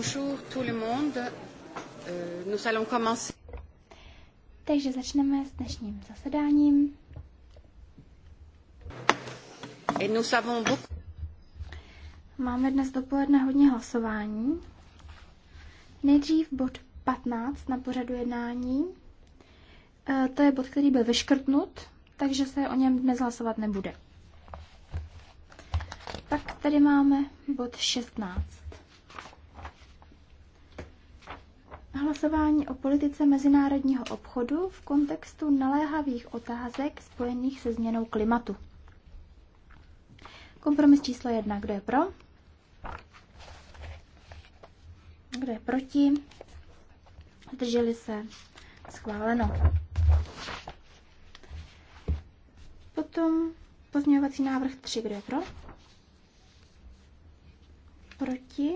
Bonjour tout le monde. Euh, nous allons commencer. Takže začneme s dnešním zasedáním. Et nous avons beaucoup... Máme dnes dopoledne hodně hlasování. Nejdřív bod 15 na pořadu jednání. E, to je bod, který byl vyškrtnut, takže se o něm dnes hlasovat nebude. Pak tady máme bod 16. hlasování o politice mezinárodního obchodu v kontextu naléhavých otázek spojených se změnou klimatu. Kompromis číslo jedna. Kdo je pro? Kdo je proti? Zdrželi se? Schváleno. Potom pozměňovací návrh 3. Kdo je pro? Proti?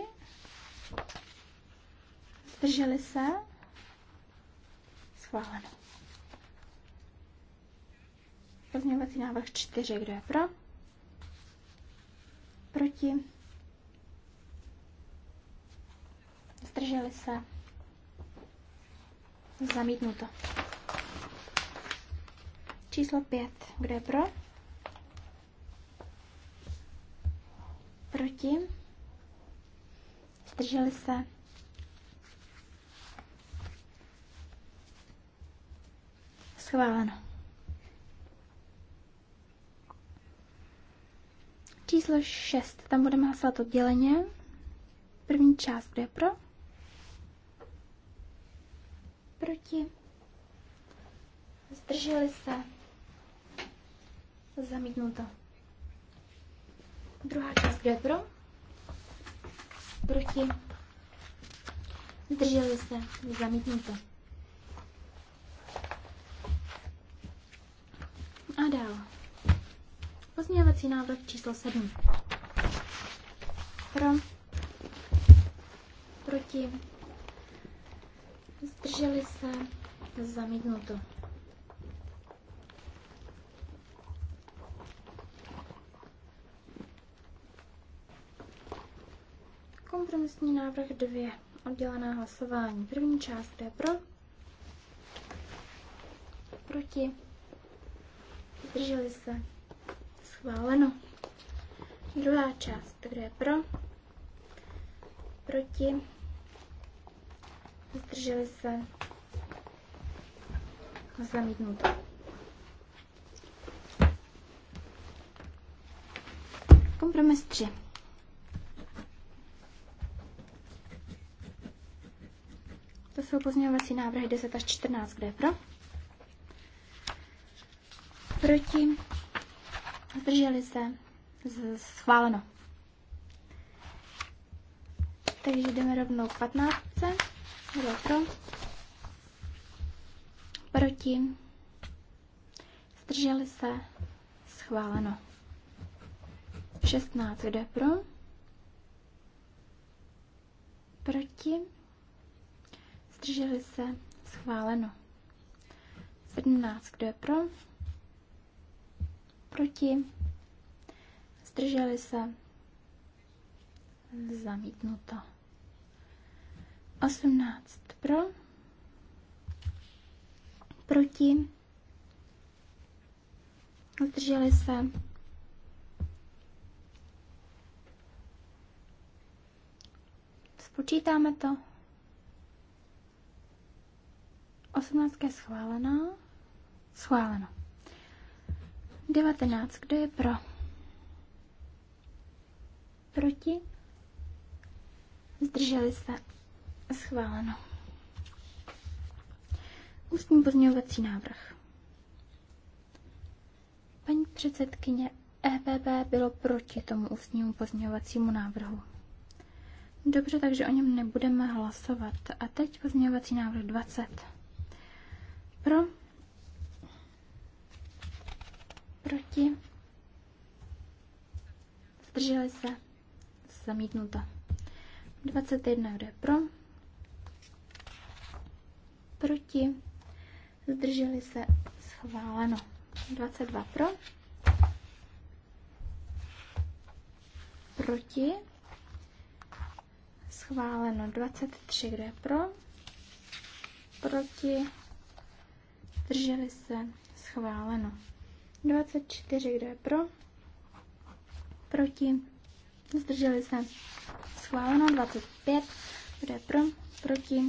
Zdrželi se? Schváleno. Pozměňovací návrh 4. Kdo je pro? Proti? Zdrželi se? Zamítnuto. Číslo 5. Kdo je pro? Proti? Zdrželi se? Schváleno. Číslo 6. Tam budeme hlasovat odděleně. První část, bude pro? Proti. Zdrželi se. Zamítnuto. Druhá část, bude pro? Proti. Zdrželi se. Zamítnuto. A dál. Pozměňovací návrh číslo 7. Pro. Proti. Zdrželi se. Zamítnuto. Kompromisní návrh 2. Oddělená hlasování. První část je pro. Proti zdrželi se, schváleno. Druhá část, kdo je pro, proti, zdrželi se, zamítnuto. Kompromis 3. To jsou pozměňovací návrhy 10 až 14, kde je pro? Proti? Zdrželi se? Schváleno. Takže jdeme rovnou k 15. Kdo pro? Proti? Zdrželi se? Schváleno. 16. Kdo pro? Proti? Zdrželi se? Schváleno. 17. Kdo je pro? Proti? Zdrželi se? Zamítnuto. 18 pro? Proti? Zdrželi se? Spočítáme to. 18 je schválená. schválená. 19. Kdo je pro? Proti? Zdrželi se. Schváleno. Ústní pozměňovací návrh. Paní předsedkyně EPP bylo proti tomu ústnímu pozměňovacímu návrhu. Dobře, takže o něm nebudeme hlasovat. A teď pozměňovací návrh 20. Pro Proti? Zdrželi se? Zamítnuto. 21, jde pro? Proti? Zdrželi se? Schváleno. 22 pro. Proti? Schváleno. 23, kdo pro? Proti? Zdrželi se? Schváleno. 24, kdo je pro? Proti? Zdrželi se. Schváleno 25, kdo je pro? Proti?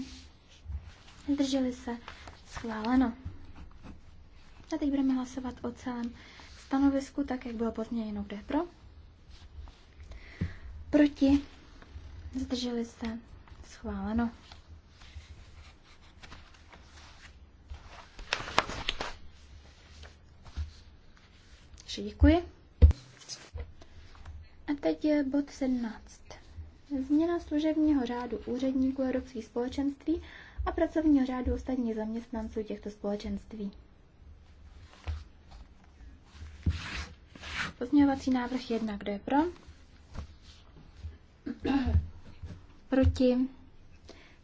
Zdrželi se. Schváleno. A teď budeme hlasovat o celém stanovisku, tak jak bylo pozměněno, kdo je pro? Proti? Zdrželi se. Schváleno. Děkuji. A teď je bod 17. Změna služebního řádu úředníků Evropských společenství a pracovního řádu ostatních zaměstnanců těchto společenství. Pozměňovací návrh 1. Kdo je pro? Proti?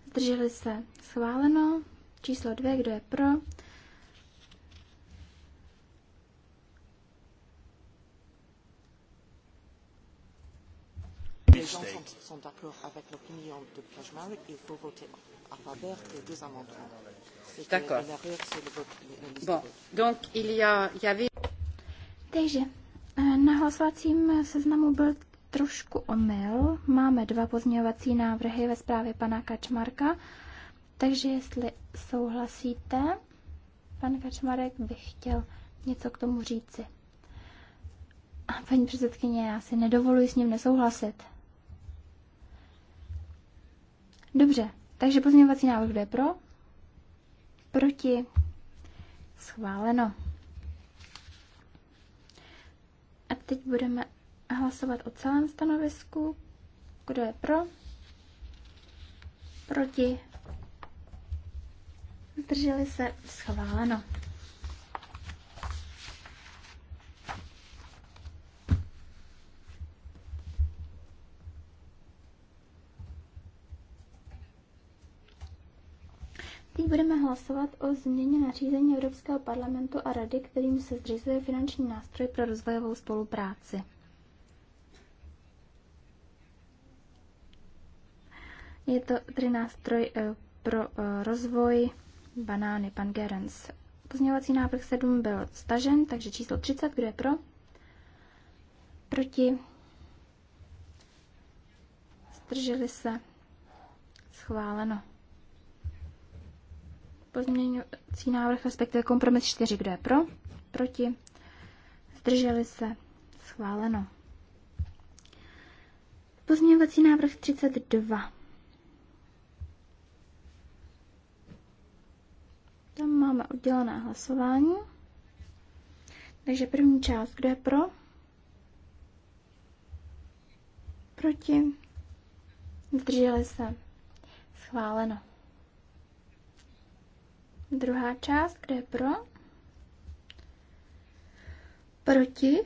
Zdrželi se? Schváleno. Číslo 2. Kdo je pro? mistake. d'accord Bon, donc il y, a, il y avait... Takže eh, na hlasovacím seznamu byl trošku omyl. Máme dva pozměňovací návrhy ve zprávě pana Kačmarka, takže jestli souhlasíte, pan Kačmarek by chtěl něco k tomu říci. Paní předsedkyně, já si nedovoluji s ním nesouhlasit. Dobře, takže pozměňovací návrh jde pro, proti, schváleno. A teď budeme hlasovat o celém stanovisku. Kdo je pro? Proti? Zdrželi se? Schváleno. budeme hlasovat o změně nařízení Evropského parlamentu a rady, kterým se zřizuje finanční nástroj pro rozvojovou spolupráci. Je to tedy nástroj eh, pro eh, rozvoj banány, pan Gerens. Pozměňovací návrh 7 byl stažen, takže číslo 30, kdo je pro? Proti? Zdrželi se? Schváleno. Pozměňovací návrh, respektive kompromis 4. Kdo je pro? Proti? Zdrželi se? Schváleno. Pozměňovací návrh 32. Tam máme oddělené hlasování. Takže první část, kdo je pro? Proti? Zdrželi se? Schváleno. Druhá část, kde je pro? Proti?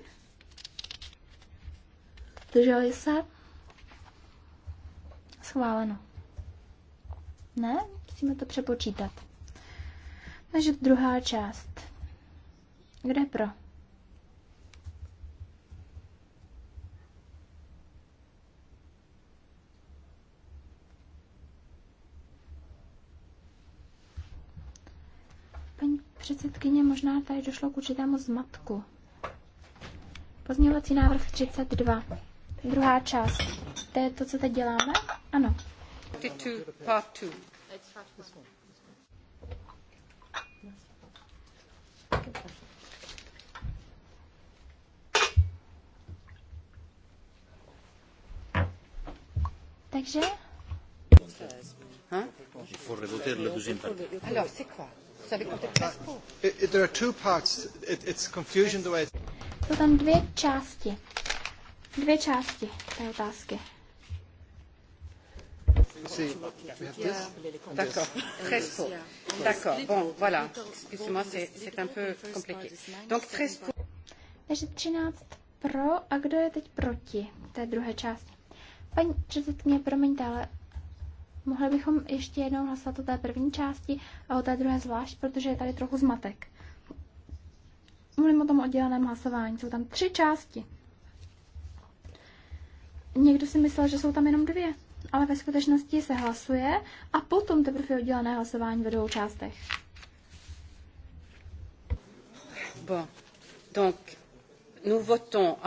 Zdrželi se? Schváleno. Ne? Musíme to přepočítat. Takže druhá část. Kde je pro? předsedkyně, možná tady došlo k určitému zmatku. Pozměňovací návrh 32. Druhá část. To je to, co teď děláme? Ano. Takže? Hein? Alors, c'est quoi jsou tam dvě části. Dvě části té otázky. D'accord, yes. 13 D'accord, bon, voilà. Excusez-moi, c'est un peu compliqué. Donc 13 pour. Takže 13 pro a kdo je teď proti té druhé části? Paní předsedkyně, promiňte, ale Mohli bychom ještě jednou hlasovat o té první části a o té druhé zvlášť, protože je tady trochu zmatek. Mluvím o tom odděleném hlasování. Jsou tam tři části. Někdo si myslel, že jsou tam jenom dvě, ale ve skutečnosti se hlasuje a potom teprve je oddělené hlasování ve dvou částech. Bon. Donc, nous votons.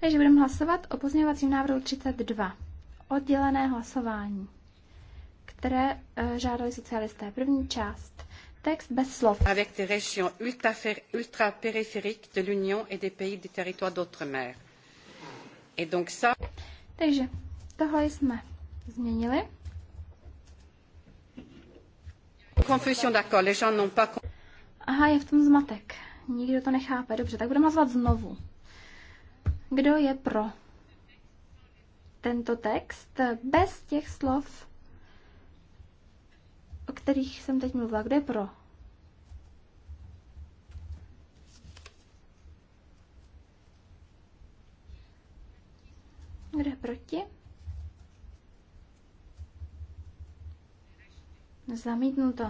Takže budeme hlasovat o pozměňovacím návrhu 32. Oddělené hlasování které eh, žádali socialisté. První část. Text bez slov. Avec des régions ultra, ultra périphériques de l'Union et des pays du territoire d'outre-mer. Et donc ça... Takže tohle jsme změnili. Confusion, d'accord. Les gens n'ont pas... Aha, je v tom zmatek. Nikdo to nechápe. Dobře, tak budeme hlasovat znovu. Kdo je pro tento text bez těch slov o kterých jsem teď mluvila. Kde je pro? Kdo je proti? Zamítnu to.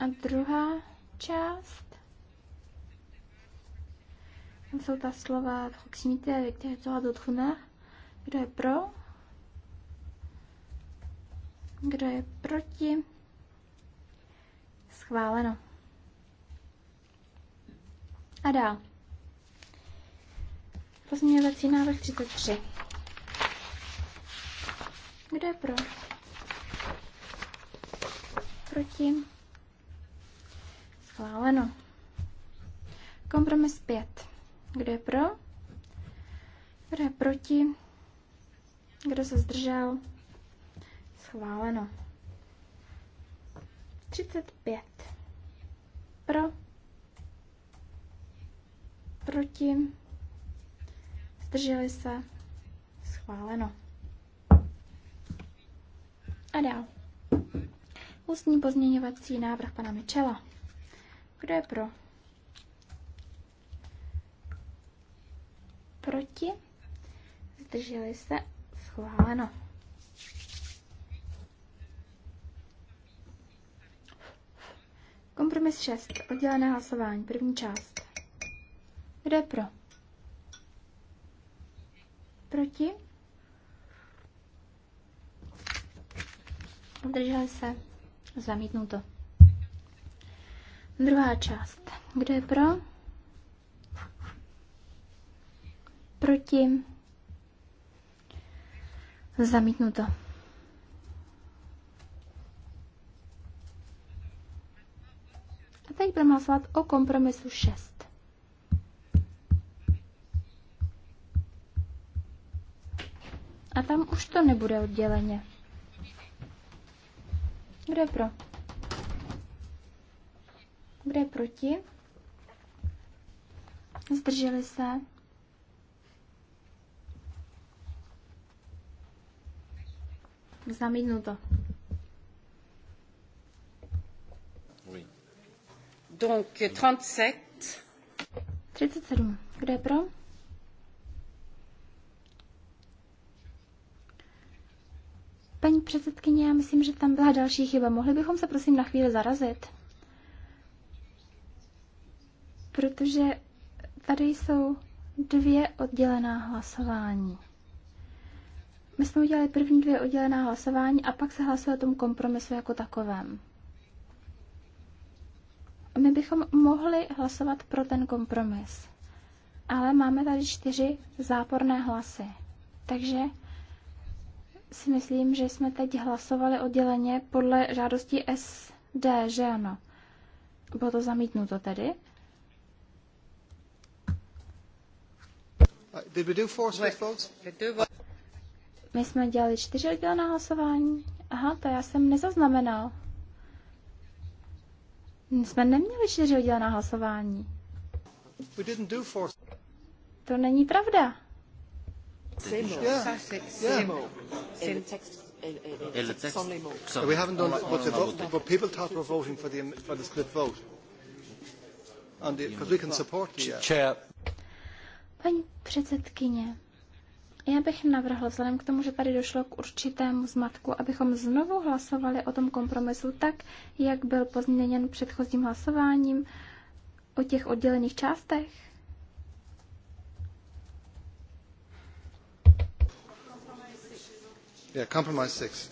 A druhá část. Tam jsou ta slova proximité, avec territoire d'autres Kdo je pro? Kdo je proti? Schváleno. A dál. Pozměňovací návrh 33. Kdo je pro? Proti? Schváleno. Kompromis 5. Kdo je pro? Kdo je proti? Kdo se zdržel? Schváleno. 35. Pro. Proti. Zdrželi se. Schváleno. A dál. Ústní pozměňovací návrh pana Michela. Kdo je pro? Proti? Zdrželi se? Schváleno. Kompromis 6. Oddělené hlasování. První část. Kdo je pro? Proti? Zdrželi se? Zamítnuto. Druhá část. Kdo je pro? Proti? Zamítnuto. teď budeme hlasovat o kompromisu 6. A tam už to nebude odděleně. Kdo je pro? Kdo je proti? Zdrželi se? Zamítnu to. Donc 37. 37. Kdo je pro? Paní předsedkyně, já myslím, že tam byla další chyba. Mohli bychom se prosím na chvíli zarazit? Protože tady jsou dvě oddělená hlasování. My jsme udělali první dvě oddělená hlasování a pak se hlasuje o tom kompromisu jako takovém my bychom mohli hlasovat pro ten kompromis. Ale máme tady čtyři záporné hlasy. Takže si myslím, že jsme teď hlasovali odděleně podle žádosti SD, že ano. Bylo to zamítnuto tedy? Uh, my jsme dělali čtyři oddělená hlasování. Aha, to já jsem nezaznamenal. Jsme neměli na hlasování. To není pravda. we haven't done, but, people thought we're voting for the, for the split vote. And because we can support uh, Paní předsedkyně, já bych navrhl, vzhledem k tomu, že tady došlo k určitému zmatku, abychom znovu hlasovali o tom kompromisu tak, jak byl pozměněn předchozím hlasováním o těch oddělených částech. Yeah, compromise six.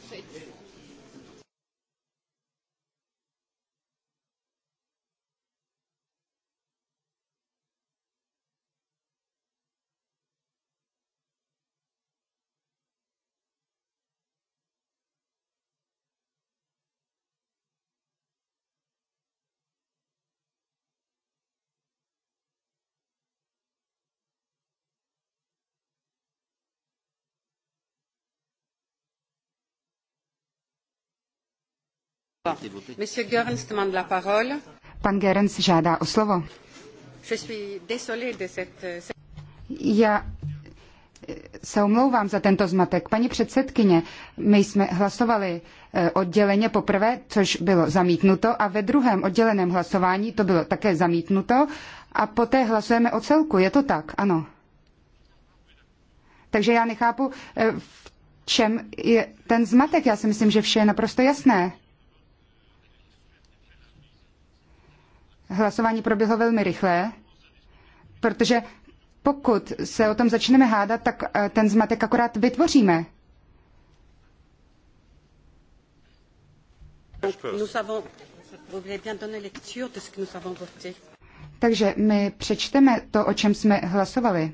Pan Gerens žádá o slovo. Já eh, se omlouvám za tento zmatek. Paní předsedkyně, my jsme hlasovali eh, odděleně poprvé, což bylo zamítnuto, a ve druhém odděleném hlasování to bylo také zamítnuto, a poté hlasujeme o celku. Je to tak? Ano. Takže já nechápu, eh, v čem je ten zmatek. Já si myslím, že vše je naprosto jasné. hlasování proběhlo velmi rychle, protože pokud se o tom začneme hádat, tak eh, ten zmatek akorát vytvoříme. Takže my přečteme to, o čem jsme hlasovali.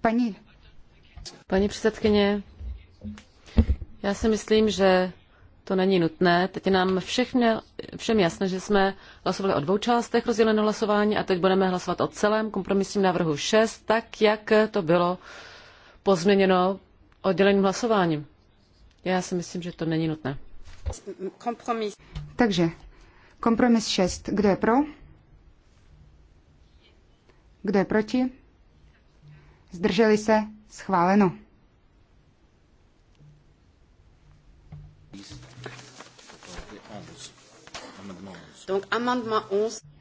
Paní. Paní předsedkyně, já si myslím, že to není nutné. Teď je nám všechny, všem jasné, že jsme hlasovali o dvou částech rozděleného hlasování a teď budeme hlasovat o celém kompromisním návrhu 6, tak jak to bylo pozměněno odděleným hlasováním. Já si myslím, že to není nutné. Kompromis. Takže kompromis 6. Kdo je pro? Kdo je proti? Zdrželi se? Schváleno.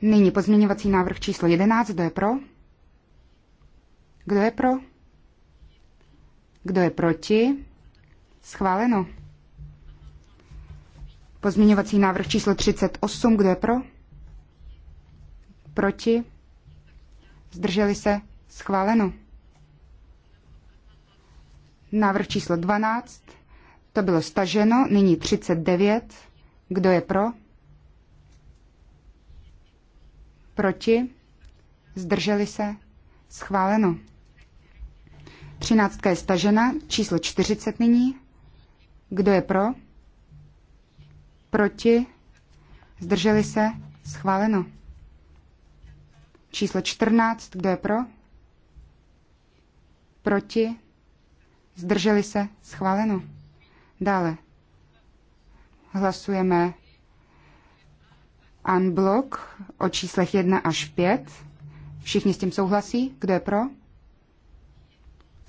Nyní pozměňovací návrh číslo 11. Kdo je pro? Kdo je pro? Kdo je proti? Schváleno. Pozměňovací návrh číslo 38. Kdo je pro? Proti? Zdrželi se? Schváleno. Návrh číslo 12. To bylo staženo. Nyní 39. Kdo je pro? proti, zdrželi se, schváleno. Třináctka je stažena, číslo 40 nyní. Kdo je pro? Proti? Zdrželi se? Schváleno. Číslo 14, kdo je pro? Proti? Zdrželi se? Schváleno. Dále. Hlasujeme unblock o číslech 1 až 5. Všichni s tím souhlasí? Kdo je pro?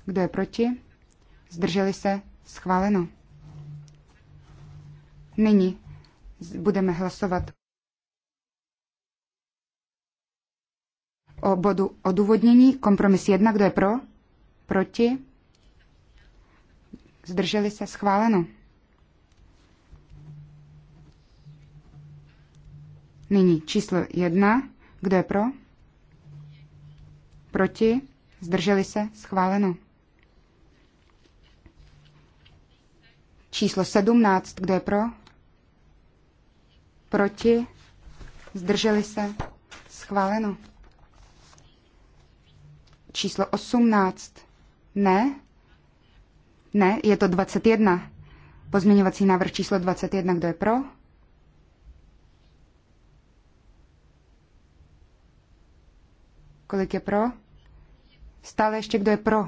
Kdo je proti? Zdrželi se? Schváleno. Nyní budeme hlasovat o bodu odůvodnění. Kompromis 1. Kdo je pro? Proti? Zdrželi se? Schváleno. Nyní číslo jedna. Kdo je pro? Proti? Zdrželi se? Schváleno. Číslo 17. Kdo je pro? Proti? Zdrželi se? Schváleno. Číslo 18. Ne? Ne, je to 21. Pozměňovací návrh číslo 21. Kdo je pro? Kolik je pro? Stále ještě kdo je pro?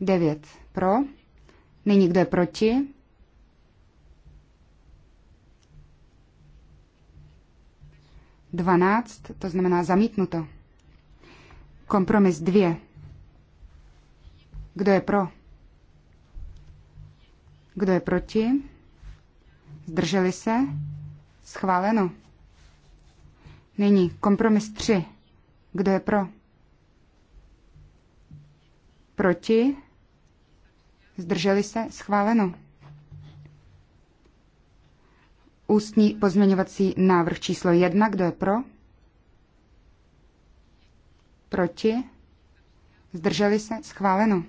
Devět pro. Nyní kdo je proti? Dvanáct, to znamená zamítnuto. Kompromis dvě. Kdo je pro? Kdo je proti? Zdrželi se? Schváleno. Nyní kompromis 3. Kdo je pro? Proti? Zdrželi se? Schváleno. Ústní pozměňovací návrh číslo 1. Kdo je pro? Proti? Zdrželi se? Schváleno.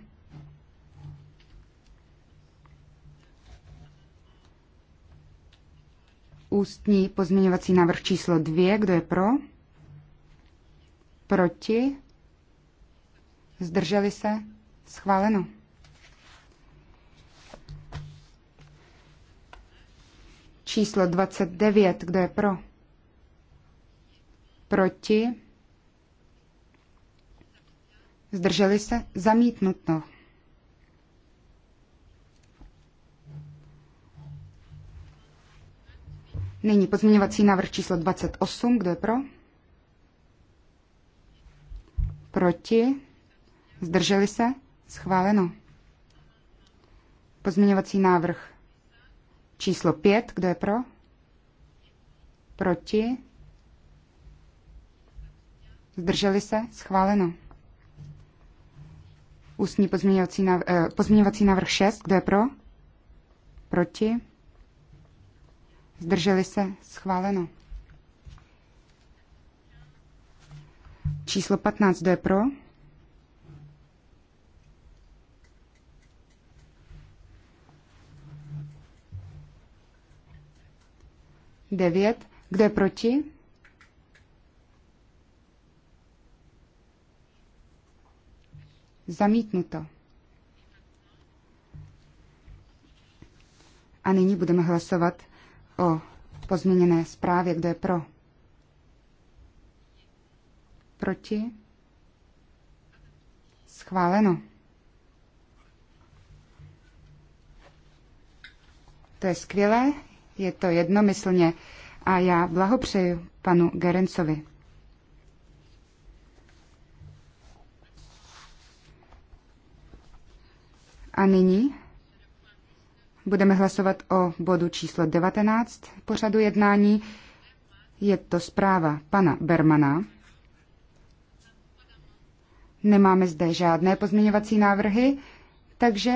Ústní pozměňovací návrh číslo 2. Kdo je pro? Proti? Zdrželi se? Schváleno. Číslo 29. Kdo je pro? Proti? Zdrželi se? Zamítnuto. Nyní pozměňovací návrh číslo 28. Kdo je pro? Proti? Zdrželi se? Schváleno. Pozměňovací návrh číslo 5. Kdo je pro? Proti? Zdrželi se? Schváleno. Ústní pozměňovací návrh, eh, pozměňovací návrh 6. Kdo je pro? Proti? Zdrželi se? Schváleno. Číslo 15, kdo je pro? Devět. Kdo je proti? Zamítnuto. A nyní budeme hlasovat o pozměněné zprávě, kde je pro. Proti? Schváleno. To je skvělé, je to jednomyslně a já blahopřeju panu Gerencovi. A nyní Budeme hlasovat o bodu číslo 19 pořadu jednání. Je to zpráva pana Bermana. Nemáme zde žádné pozměňovací návrhy, takže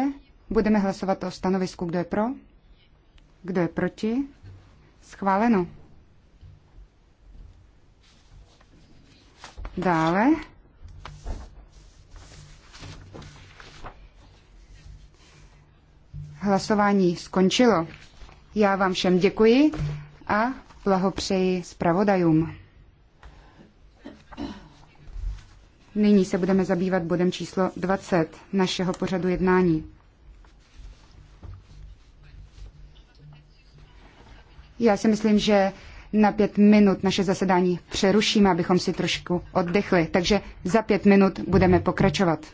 budeme hlasovat o stanovisku, kdo je pro, kdo je proti. Schváleno. Dále Hlasování skončilo. Já vám všem děkuji a blahopřeji zpravodajům. Nyní se budeme zabývat bodem číslo 20 našeho pořadu jednání. Já si myslím, že na pět minut naše zasedání přerušíme, abychom si trošku oddechli. Takže za pět minut budeme pokračovat.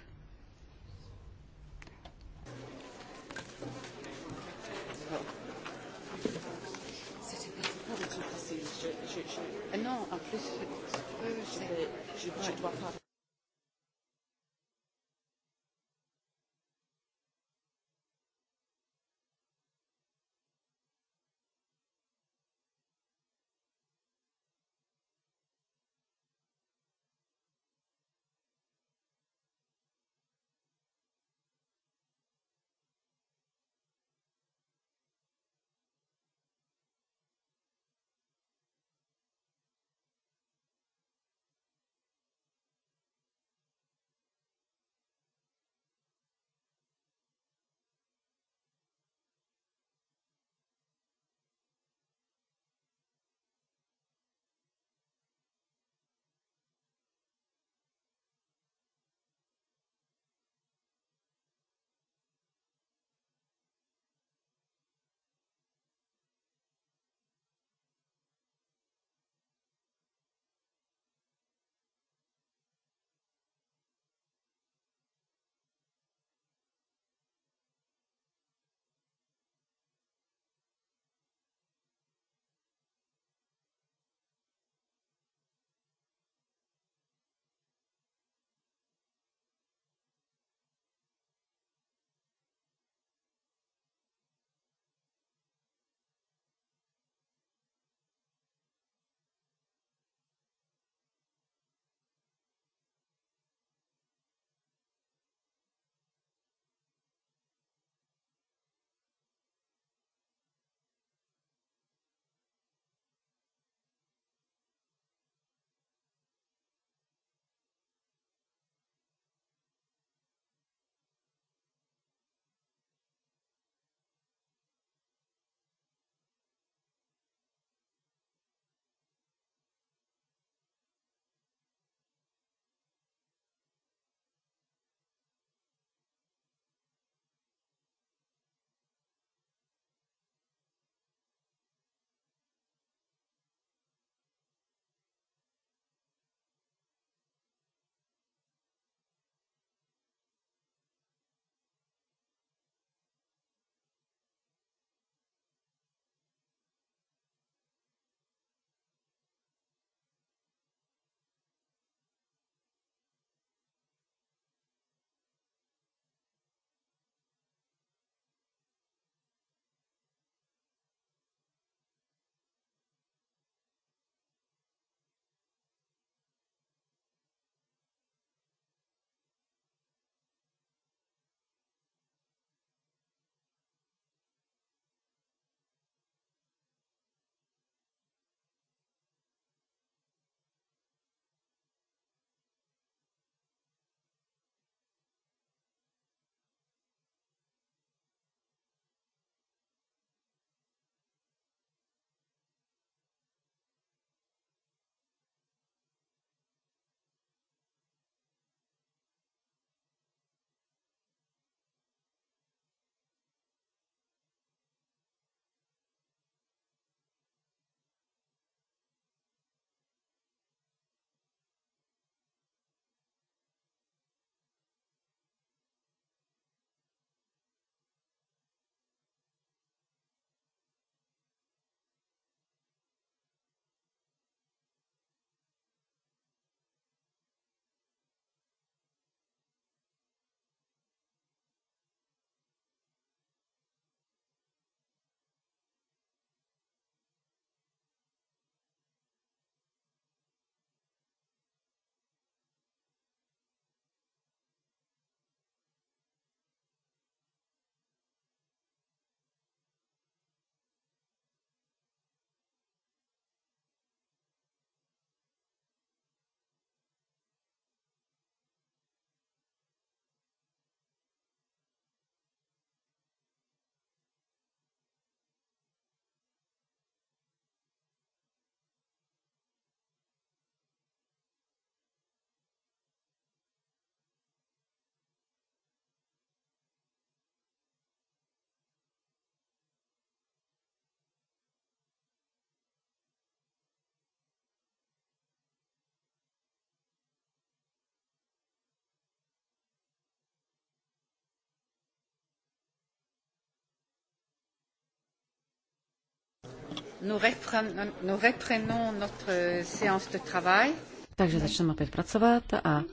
Nous reprenons, nous reprenons notre séance de travail. Takže začneme opět pracovat a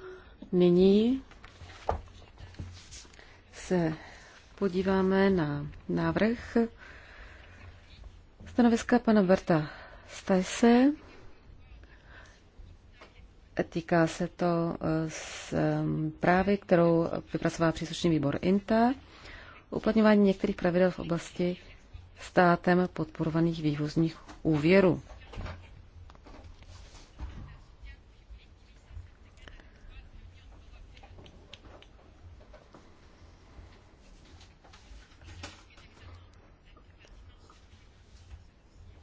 nyní se podíváme na návrh stanoviska pana Berta Stajse. Týká se to z eh, právy, kterou vypracoval příslušný výbor INTA, uplatňování některých pravidel v oblasti státem podporovaných vývozních úvěrů.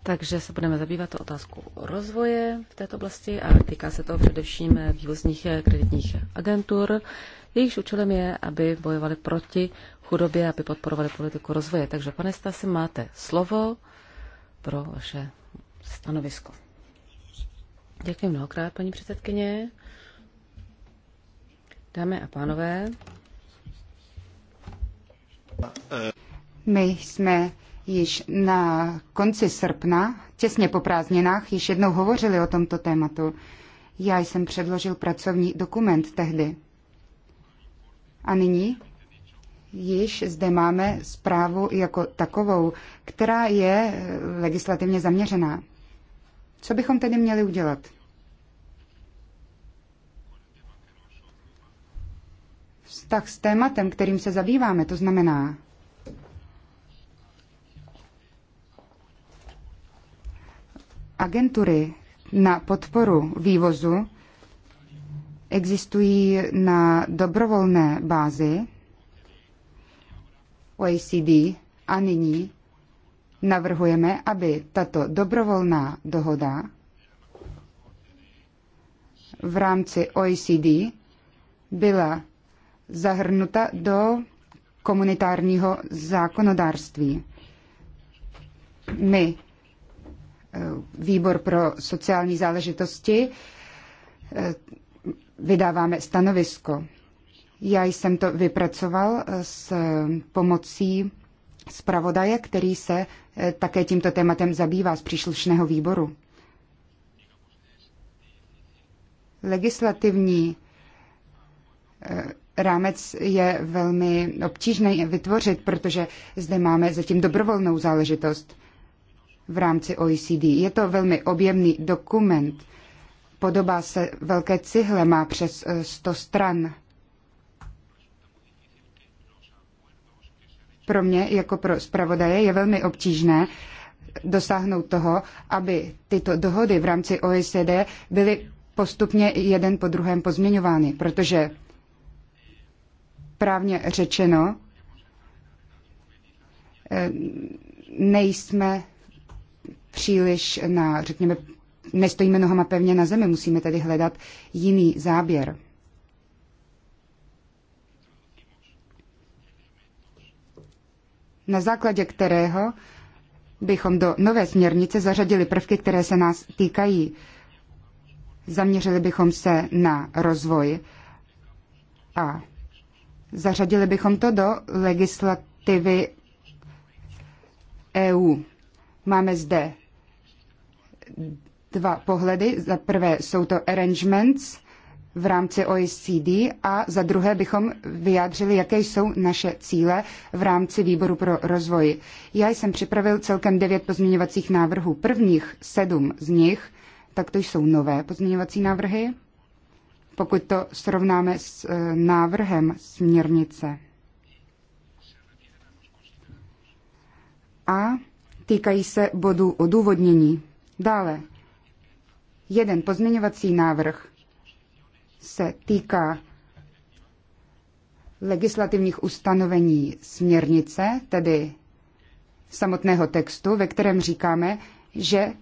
Takže se budeme zabývat o otázku rozvoje v této oblasti a týká se to především vývozních kreditních agentur. Jejichž účelem je, aby bojovali proti chudobě, aby podporovali politiku rozvoje. Takže, pane Stasi, máte slovo pro vaše stanovisko. Děkuji mnohokrát, paní předsedkyně. Dámy a pánové. My jsme již na konci srpna, těsně po prázdninách, již jednou hovořili o tomto tématu. Já jsem předložil pracovní dokument tehdy. A nyní již zde máme zprávu jako takovou, která je eh, legislativně zaměřená. Co bychom tedy měli udělat? Vztah s tématem, kterým se zabýváme, to znamená agentury na podporu vývozu existují na dobrovolné bázi OECD a nyní navrhujeme, aby tato dobrovolná dohoda v rámci OECD byla zahrnuta do komunitárního zákonodárství. My Eh, výbor pro sociální záležitosti eh, vydáváme stanovisko. Já jsem to vypracoval eh, s pomocí zpravodaje, který se také tímto tématem zabývá z příslušného výboru. Legislativní rámec je velmi obtížný vytvořit, protože zde máme zatím dobrovolnou záležitost v rámci OECD. Je to velmi objemný dokument. Podobá se velké cihle, má přes 100 eh, stran. Pro mě, jako pro zpravodaje, je velmi obtížné dosáhnout toho, aby tyto dohody v rámci OECD byly postupně jeden po druhém pozměňovány, protože právně řečeno eh, nejsme příliš na, řekněme, nestojíme nohama pevně na zemi, musíme tedy hledat jiný záběr. Na základě kterého bychom do nové směrnice zařadili prvky, které se nás týkají. Zaměřili bychom se na rozvoj a zařadili bychom to do legislativy EU. Máme zde dva pohledy. Za prvé jsou to arrangements v rámci OECD a za druhé bychom vyjádřili, jaké jsou naše cíle v rámci výboru pro rozvoj. Já jsem připravil celkem devět pozměňovacích návrhů. Prvních sedm z nich, tak to jsou nové pozměňovací návrhy, pokud to srovnáme s e, návrhem směrnice. A týkají se bodu odůvodnění. Dále, jeden pozměňovací návrh se týká legislativních ustanovení směrnice, tedy samotného textu, ve kterém říkáme, že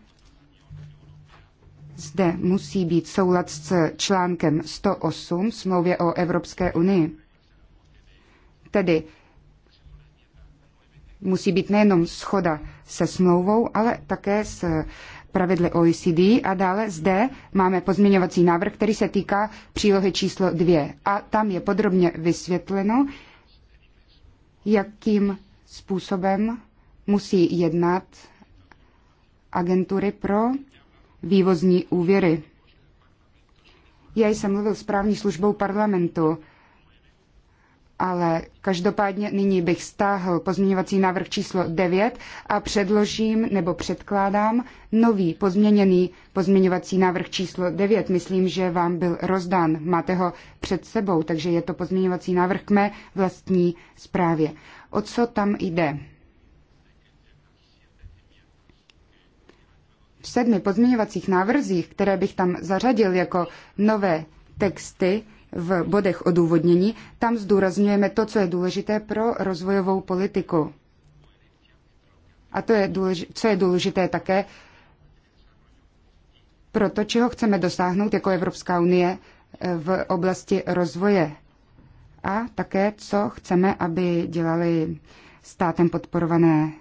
zde musí být soulad s článkem 108 smlouvě o Evropské unii. Tedy musí být nejenom schoda se smlouvou, ale také s pravidly OECD a dále zde máme pozměňovací návrh, který se týká přílohy číslo 2 a tam je podrobně vysvětleno, jakým způsobem musí jednat agentury pro vývozní úvěry. Já jsem mluvil s právní službou parlamentu ale každopádně nyní bych stáhl pozměňovací návrh číslo 9 a předložím nebo předkládám nový pozměněný pozměňovací návrh číslo 9. Myslím, že vám byl rozdán, máte ho před sebou, takže je to pozměňovací návrh k mé vlastní zprávě. O co tam jde? V sedmi pozměňovacích návrzích, které bych tam zařadil jako nové texty, v bodech odůvodnění, tam zdůrazňujeme to, co je důležité pro rozvojovou politiku. A to je důležité, co je důležité také pro to, čeho chceme dosáhnout jako Evropská unie eh, v oblasti rozvoje. A také, co chceme, aby dělali státem podporované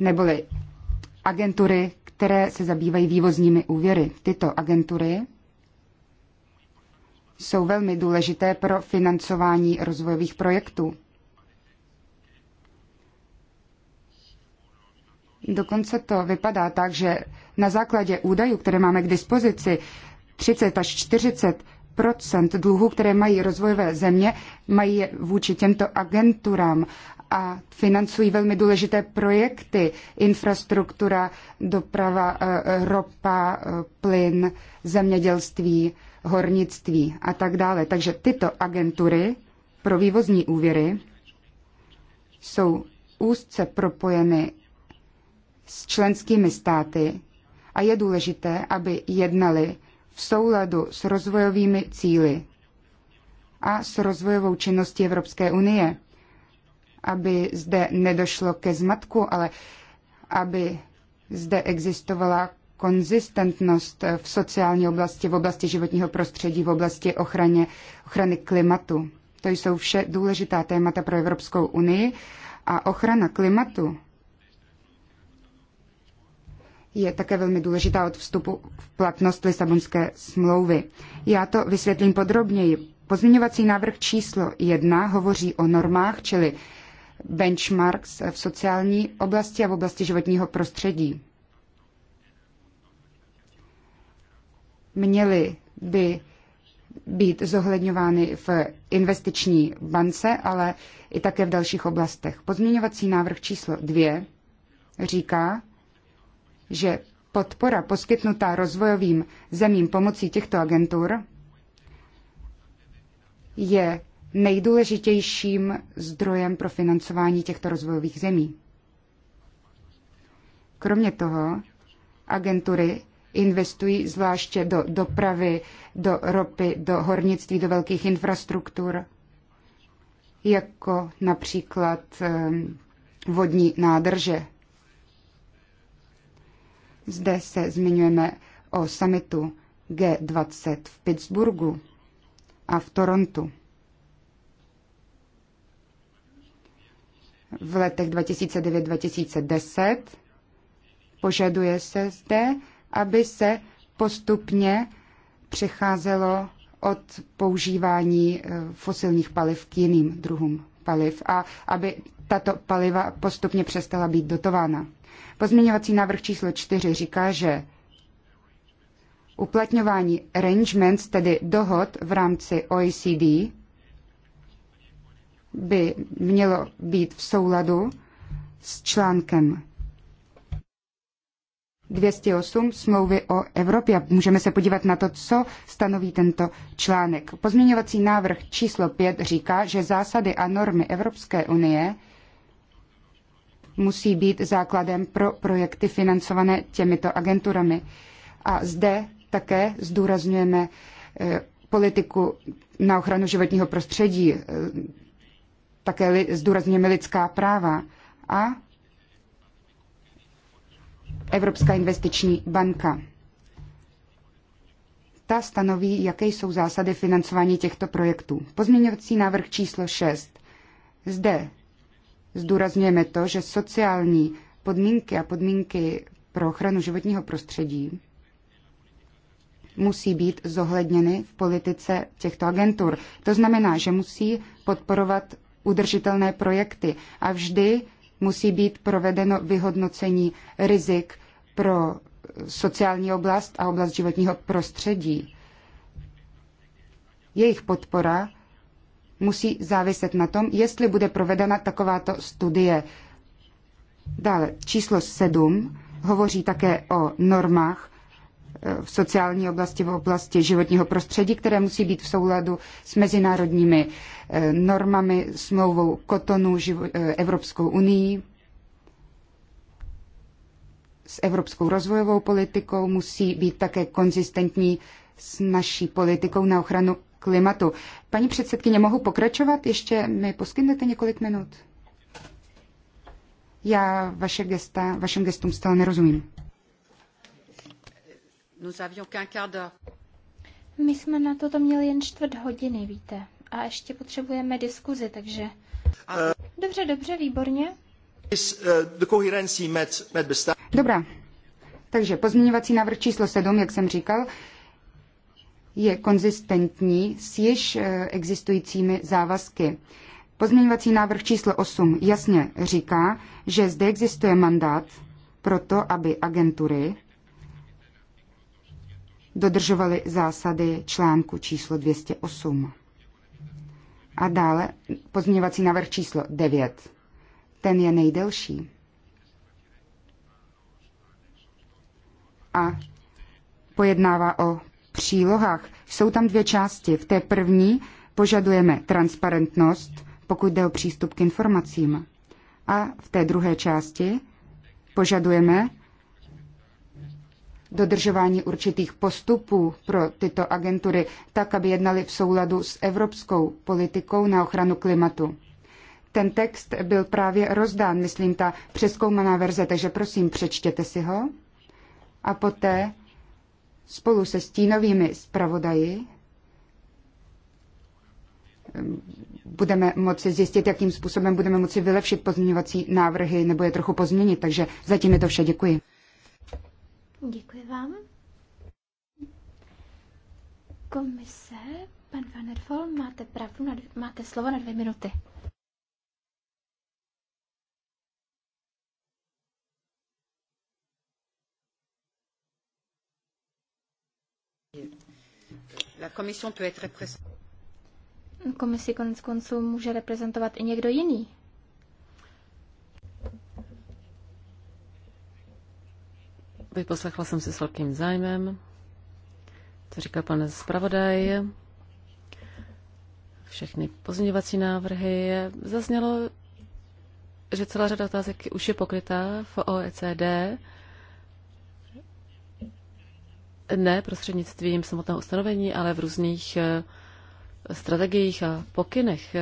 neboli agentury, které se zabývají vývozními úvěry. Tyto agentury jsou velmi důležité pro financování rozvojových projektů. Dokonce to vypadá tak, že na základě údajů, které máme k dispozici, 30 až 40 dluhů, které mají rozvojové země, mají je vůči těmto agenturám a financují velmi důležité projekty, infrastruktura, doprava, eh, ropa, eh, plyn, zemědělství hornictví a tak dále. Takže tyto agentury pro vývozní úvěry jsou úzce propojeny s členskými státy a je důležité, aby jednali v souladu s rozvojovými cíly a s rozvojovou činností Evropské unie, aby zde nedošlo ke zmatku, ale aby zde existovala konzistentnost v sociální oblasti, v oblasti životního prostředí, v oblasti ochraně, ochrany klimatu. To jsou vše důležitá témata pro Evropskou unii a ochrana klimatu je také velmi důležitá od vstupu v platnost Lisabonské smlouvy. Já to vysvětlím podrobněji. Pozměňovací návrh číslo jedna hovoří o normách, čili benchmarks v sociální oblasti a v oblasti životního prostředí. měly by být zohledňovány v investiční bance, ale i také v dalších oblastech. Pozměňovací návrh číslo dvě říká, že podpora poskytnutá rozvojovým zemím pomocí těchto agentur je nejdůležitějším zdrojem pro financování těchto rozvojových zemí. Kromě toho, agentury investují zvláště do dopravy, do ropy, do hornictví, do velkých infrastruktur, jako například vodní nádrže. Zde se zmiňujeme o samitu G20 v Pittsburghu a v Torontu. V letech 2009-2010 požaduje se zde, aby se postupně přecházelo od používání eh, fosilních paliv k jiným druhům paliv a aby tato paliva postupně přestala být dotována. Pozměňovací návrh číslo 4 říká, že uplatňování arrangements, tedy dohod v rámci OECD, by mělo být v souladu s článkem 208 smlouvy o Evropě. Můžeme se podívat na to, co stanoví tento článek. Pozměňovací návrh číslo 5 říká, že zásady a normy Evropské unie musí být základem pro projekty financované těmito agenturami. A zde také zdůrazňujeme e, politiku na ochranu životního prostředí, e, také zdůrazňujeme lidská práva a Evropská investiční banka. Ta stanoví, jaké jsou zásady financování těchto projektů. Pozměňovací návrh číslo 6. Zde zdůrazňujeme to, že sociální podmínky a podmínky pro ochranu životního prostředí musí být zohledněny v politice těchto agentur. To znamená, že musí podporovat udržitelné projekty a vždy musí být provedeno vyhodnocení rizik pro sociální oblast a oblast životního prostředí. Jejich podpora musí záviset na tom, jestli bude provedena takováto studie. Dále číslo 7 hovoří také o normách eh, v sociální oblasti, v oblasti životního prostředí, které musí být v souladu s mezinárodními Eh, normami, smlouvou kotonu eh, Evropskou unii, s evropskou rozvojovou politikou, musí být také konzistentní s naší politikou na ochranu klimatu. Paní předsedkyně, mohu pokračovat? Ještě mi poskytnete několik minut? Já vaše gesta, vašim gestům stále nerozumím. My jsme na toto měli jen čtvrt hodiny, víte a ještě potřebujeme diskuzi, takže... Dobře, dobře, výborně. Eh, Dobrá. Takže pozměňovací návrh číslo 7, jak jsem říkal, je konzistentní s již eh, existujícími závazky. Pozměňovací návrh číslo 8 jasně říká, že zde existuje mandát pro to, aby agentury dodržovaly zásady článku číslo 208. A dále pozměňovací návrh číslo 9. Ten je nejdelší. A pojednává o přílohách. Jsou tam dvě části. V té první požadujeme transparentnost, pokud jde o přístup k informacím. A v té druhé části požadujeme dodržování určitých postupů pro tyto agentury, tak, aby jednali v souladu s evropskou politikou na ochranu klimatu. Ten text byl právě rozdán, myslím, ta přeskoumaná verze, takže prosím, přečtěte si ho. A poté spolu se stínovými zpravodaji budeme moci zjistit, jakým způsobem budeme moci vylepšit pozměňovací návrhy nebo je trochu pozměnit. Takže zatím je to vše. Děkuji. Děkuji vám. Komise, pan Van Vol, máte, pravdu na, máte slovo na dvě minuty. La commission peut être Komisi konec konců může reprezentovat i někdo jiný. Vyposlechla jsem si s velkým zájmem, co říká pan zpravodaj. Všechny pozměňovací návrhy. Zaznělo, že celá řada otázek už je pokrytá v OECD. Ne prostřednictvím samotného ustanovení, ale v různých eh, strategiích a pokynech.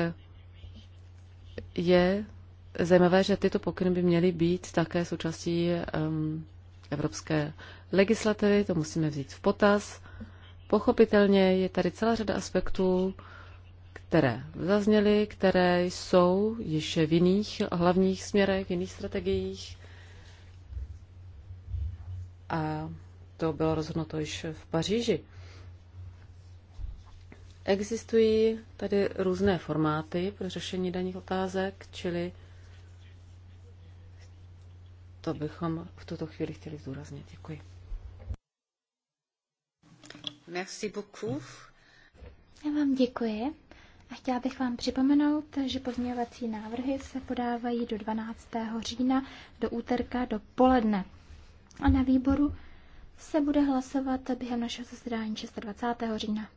Je zajímavé, že tyto pokyny by měly být také součástí um, evropské legislativy, to musíme vzít v potaz. Pochopitelně je tady celá řada aspektů, které zazněly, které jsou již v jiných hlavních směrech, v jiných strategiích. A to bylo rozhodnuto již v Paříži. Existují tady různé formáty pro řešení daných otázek, čili to bychom v tuto chvíli chtěli zdůraznit. Děkuji. Merci beaucoup. Já vám děkuji a chtěla bych vám připomenout, že pozměňovací návrhy se podávají do 12. října do úterka do poledne. A na výboru se bude hlasovat během našeho zasedání 26. října.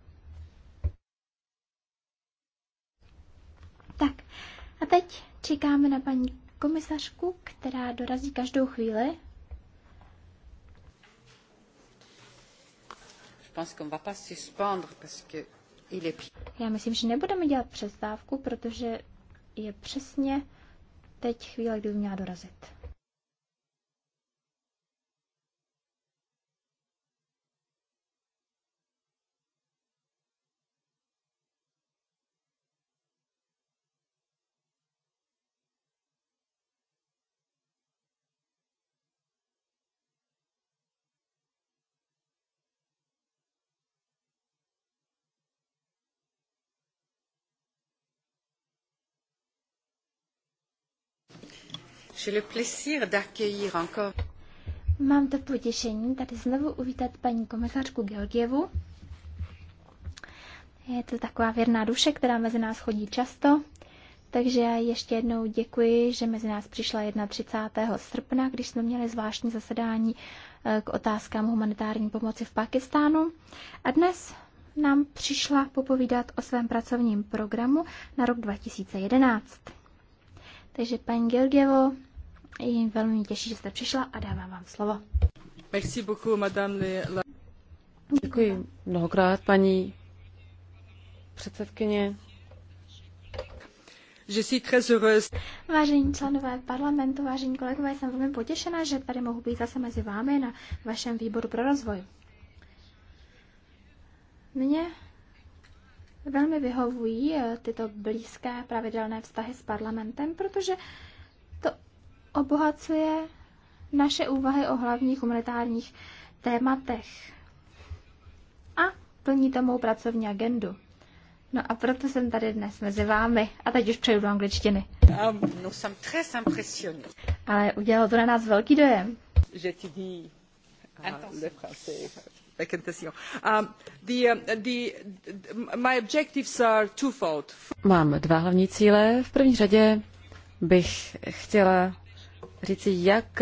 Tak, a teď čekáme na paní komisařku, která dorazí každou chvíli. Já myslím, že nebudeme dělat přestávku, protože je přesně teď chvíle, kdy by měla dorazit. Mám to potěšení tady znovu uvítat paní komisařku Georgievu. Je to taková věrná duše, která mezi nás chodí často. Takže já ještě jednou děkuji, že mezi nás přišla 31. srpna, když jsme měli zvláštní zasedání eh, k otázkám humanitární pomoci v Pakistánu. A dnes nám přišla popovídat o svém pracovním programu na rok 2011. Takže paní Gilgevo, jen velmi mě těší, že jste přišla a dávám vám slovo. Merci beaucoup, madame la... Děkuji mnohokrát, paní předsedkyně. Je suis très heureuse. Vážení členové parlamentu, vážení kolegové, jsem velmi potěšena, že tady mohu být zase mezi vámi na vašem výboru pro rozvoj. Mně velmi vyhovují eh, tyto blízké pravidelné vztahy s parlamentem, protože obohacuje naše úvahy o hlavních humanitárních tématech a plní to mou pracovní agendu. No a proto jsem tady dnes mezi vámi. A teď už přejdu do angličtiny. Ale udělalo to na nás velký dojem. Je ah, ti le français, avec intention. Um, the, uh, the, my objectives are twofold. Mám dva hlavní cíle. V první řadě bych chtěla říci, jak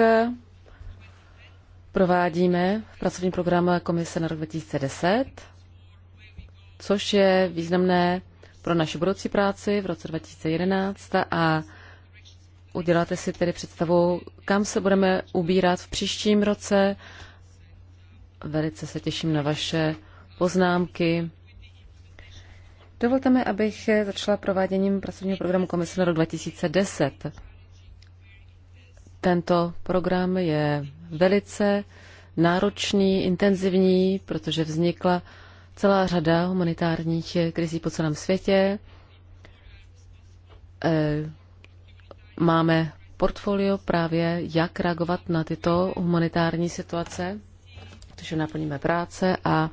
provádíme pracovní program Komise na rok 2010, což je významné pro naši budoucí práci v roce 2011 a uděláte si tedy představu, kam se budeme ubírat v příštím roce. Velice se těším na vaše poznámky. Dovolte mi, abych začala prováděním pracovního programu Komise na rok 2010. Tento program je velice náročný, intenzivní, protože vznikla celá řada humanitárních krizí po celém světě. Eh, máme portfolio právě, jak reagovat na tyto humanitární situace, protože naplníme práce a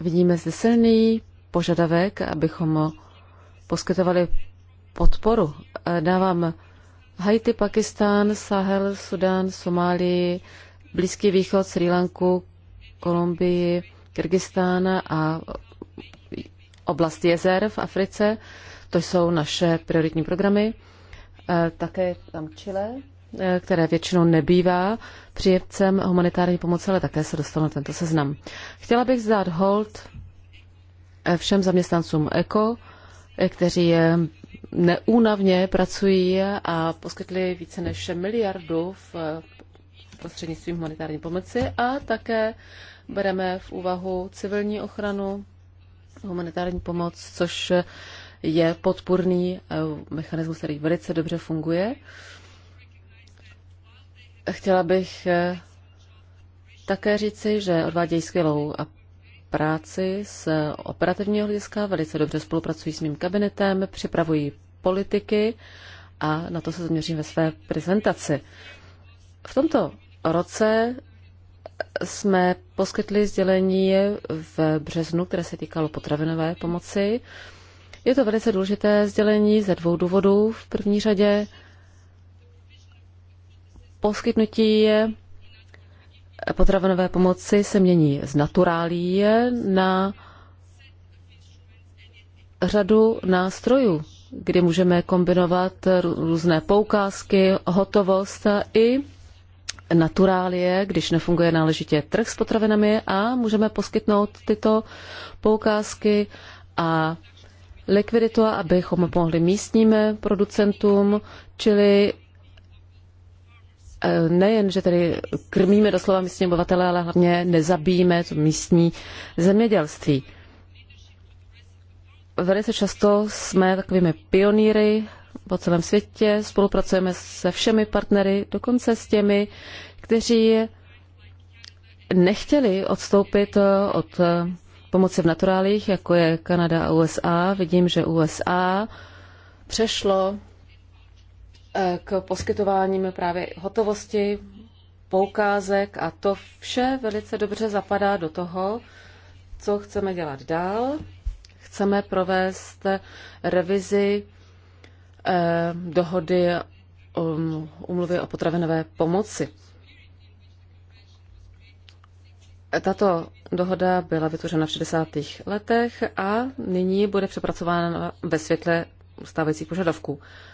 vidíme zde silný požadavek, abychom poskytovali podporu. Eh, dávám Haiti, Pakistán, Sahel, Sudán, Somálii, Blízký východ, Sri Lanku, Kolumbii, Kyrgyzstán a oblast jezer v Africe. To jsou naše prioritní programy. E, také tam Chile, e, které většinou nebývá příjemcem humanitární pomoci, ale také se dostalo na tento seznam. Chtěla bych zdát hold e, všem zaměstnancům ECO, kteří neúnavně pracují a poskytli více než miliardu v prostřednictvím humanitární pomoci a také bereme v úvahu civilní ochranu, humanitární pomoc, což je podpůrný eh, mechanismus, který velice dobře funguje. Chtěla bych eh, také říci, že odvádějí skvělou práci z operativního hlediska, velice dobře spolupracují s mým kabinetem, připravují politiky a na to se zaměřím ve své prezentaci. V tomto roce jsme poskytli sdělení v březnu, které se týkalo potravinové pomoci. Je to velice důležité sdělení ze dvou důvodů. V první řadě poskytnutí potravinové pomoci se mění z naturálie na řadu nástrojů, kdy můžeme kombinovat různé poukázky, hotovost i naturálie, když nefunguje náležitě trh s potravinami a můžeme poskytnout tyto poukázky a likviditu, abychom pomohli místním producentům, čili E, nejen, že tedy krmíme doslova místní obyvatele, ale hlavně nezabijíme to místní zemědělství. Velice často jsme takovými pionýry po celém světě, spolupracujeme se všemi partnery, dokonce s těmi, kteří nechtěli odstoupit od pomoci v naturálích, jako je Kanada a USA. Vidím, že USA přešlo E, k poskytováním právě hotovosti, poukázek a to vše velice dobře zapadá do toho, co chceme dělat dál. Chceme provést revizi eh, dohody um, umluvy o potravinové pomoci. Tato dohoda byla vytvořena v 60. letech a nyní bude přepracována ve světle stávajících požadavků. Eh,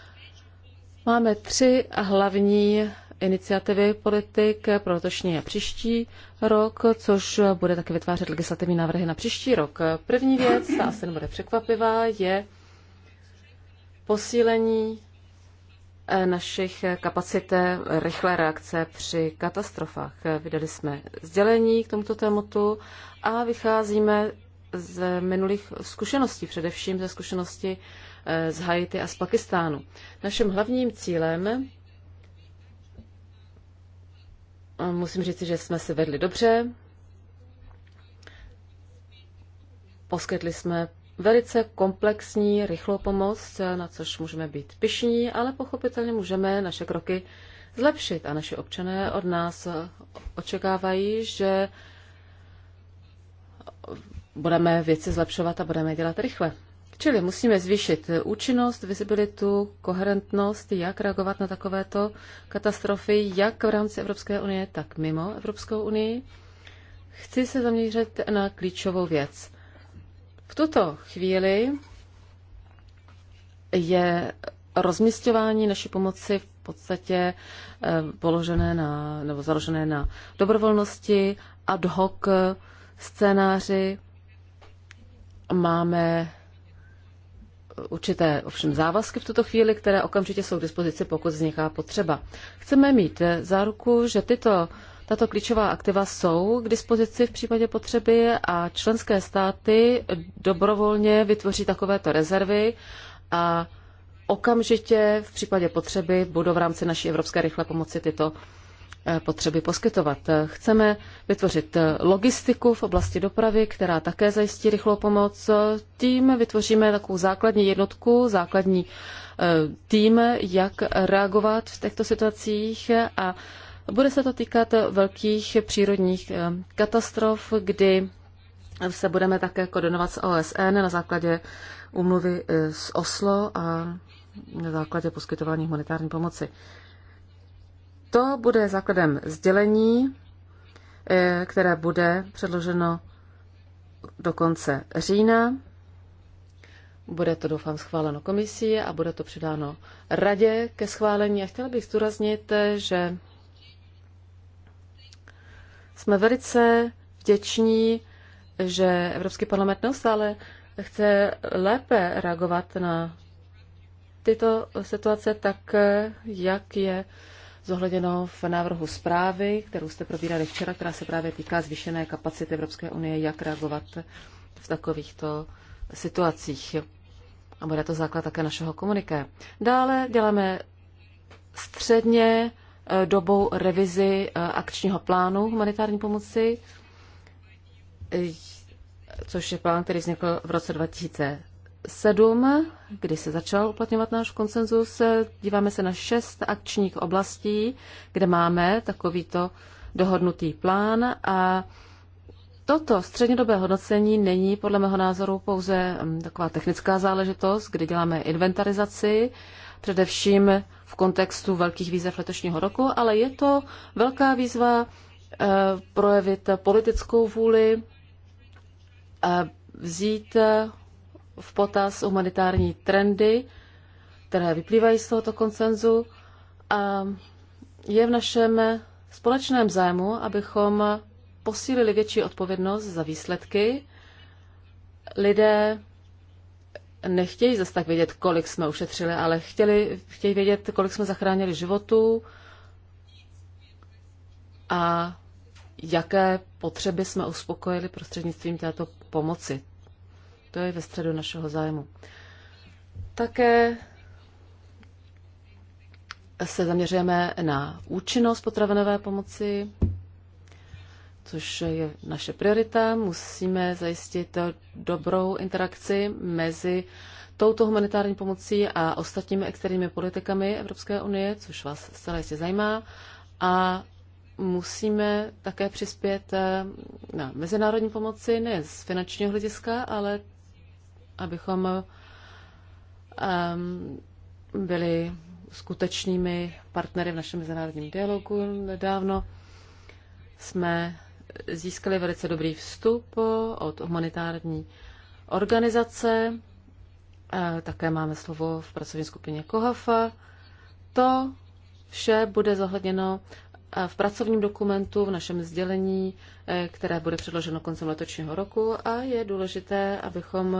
Máme tři hlavní iniciativy politik pro letošní a příští rok, což bude také vytvářet legislativní návrhy na příští rok. První věc, ta asi nebude překvapivá, je posílení eh, našich kapacit rychlé reakce při katastrofách. Vydali jsme sdělení k tomuto tématu a vycházíme z minulých zkušeností, především ze zkušenosti Eh, z Haiti a z Pakistánu. Naším hlavním cílem, musím říct, že jsme se vedli dobře, poskytli jsme velice komplexní, rychlou pomoc, na což můžeme být pišní, ale pochopitelně můžeme naše kroky zlepšit. A naši občané od nás očekávají, že budeme věci zlepšovat a budeme dělat rychle. Čili musíme zvýšit účinnost, vizibilitu, koherentnost, jak reagovat na takovéto katastrofy, jak v rámci Evropské unie, tak mimo Evropskou unii. Chci se zaměřit na klíčovou věc. V tuto chvíli je rozměstňování naší pomoci v podstatě eh, položené na, nebo založené na dobrovolnosti, ad hoc scénáři. Máme určité ovšem závazky v tuto chvíli, které okamžitě jsou k dispozici, pokud vzniká potřeba. Chceme mít záruku, že tyto tato klíčová aktiva jsou k dispozici v případě potřeby a členské státy dobrovolně vytvoří takovéto rezervy a okamžitě v případě potřeby budou v rámci naší evropské rychlé pomoci tyto potřeby poskytovat. Chceme vytvořit logistiku v oblasti dopravy, která také zajistí rychlou pomoc. Tím vytvoříme takovou základní jednotku, základní eh, tým, jak reagovat v těchto situacích a bude se to týkat velkých přírodních eh, katastrof, kdy se budeme také koordinovat s OSN na základě úmluvy eh, z Oslo a na základě poskytování humanitární pomoci. To bude základem sdělení, eh, které bude předloženo do konce října. Bude to, doufám, schváleno komisí a bude to přidáno radě ke schválení. A chtěla bych zdůraznit, eh, že jsme velice vděční, že Evropský parlament neustále chce lépe reagovat na tyto situace tak, eh, jak je zohledněno v návrhu zprávy, kterou jste probírali včera, která se právě týká zvýšené kapacity Evropské unie, jak reagovat v takovýchto situacích. A bude to základ také našeho komuniké. Dále děláme středně eh, dobou revizi eh, akčního plánu humanitární pomoci, eh, což je plán, který vznikl v roce 2000. 7, kdy se začal uplatňovat náš konsenzus, díváme se na šest akčních oblastí, kde máme takovýto dohodnutý plán a Toto střednědobé hodnocení není podle mého názoru pouze mm, taková technická záležitost, kdy děláme inventarizaci, především v kontextu velkých výzev letošního roku, ale je to velká výzva eh, projevit politickou vůli, eh, vzít v potaz humanitární trendy, které vyplývají z tohoto koncenzu a je v našem společném zájmu, abychom posílili větší odpovědnost za výsledky. Lidé nechtějí zase tak vědět, kolik jsme ušetřili, ale chtěli, chtějí vědět, kolik jsme zachránili životů a jaké potřeby jsme uspokojili prostřednictvím této pomoci. To je ve středu našeho zájmu. Také se zaměřujeme na účinnost potravinové pomoci, což je naše priorita. Musíme zajistit dobrou interakci mezi touto humanitární pomocí a ostatními externími politikami Evropské unie, což vás zcela jistě zajímá. A musíme také přispět eh, na mezinárodní pomoci, ne z finančního hlediska, ale abychom byli skutečnými partnery v našem mezinárodním dialogu. Nedávno jsme získali velice dobrý vstup od humanitární organizace. E, také máme slovo v pracovní skupině Kohafa. To vše bude zohledněno v pracovním dokumentu, v našem sdělení, eh, které bude předloženo koncem letošního roku a je důležité, abychom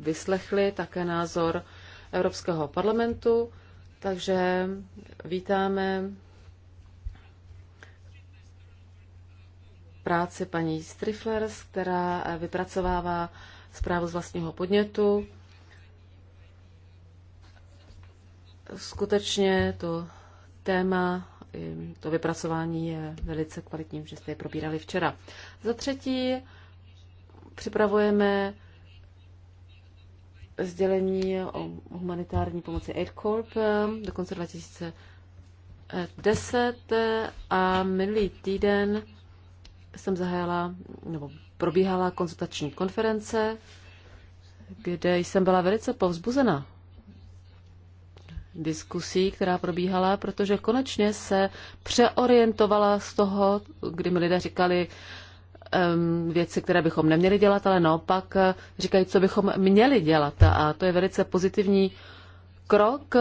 vyslechli také názor Evropského parlamentu, takže vítáme práci paní Striflers, která eh, vypracovává zprávu z vlastního podnětu. Skutečně to téma to vypracování je velice kvalitní, že jste je probírali včera. Za třetí připravujeme sdělení o humanitární pomoci Aid Corp eh, do konce 2010 eh, a minulý týden jsem zahájila, nebo probíhala konzultační konference, kde jsem byla velice povzbuzena diskusí, která probíhala, protože konečně se přeorientovala z toho, kdy mi lidé říkali um, věci, které bychom neměli dělat, ale naopak eh, říkají, co bychom měli dělat. A to je velice pozitivní krok.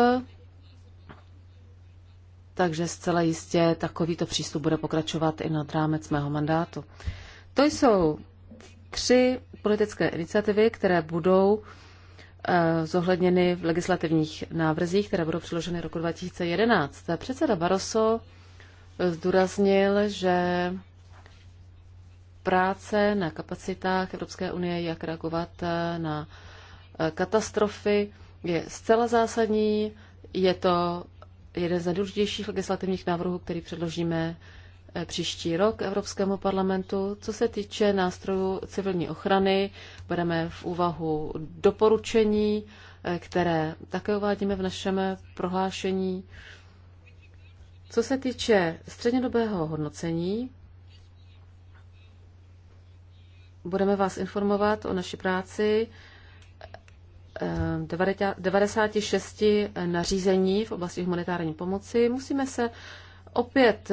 Takže zcela jistě takovýto přístup bude pokračovat i nad rámec mého mandátu. To jsou tři politické iniciativy, které budou Eh, zohledněny v legislativních návrzích, které budou přiloženy roku 2011. Předseda Barroso eh, zdůraznil, že práce na kapacitách Evropské unie, jak reagovat eh, na katastrofy, je zcela zásadní. Je to jeden z nejdůležitějších legislativních návrhů, který předložíme Eh, příští rok Evropskému parlamentu. Co se týče nástrojů civilní ochrany, bereme v úvahu doporučení, eh, které také uvádíme v našem prohlášení. Co se týče střednědobého hodnocení, budeme vás informovat o naší práci 96 eh, nařízení v oblasti humanitární pomoci. Musíme se opět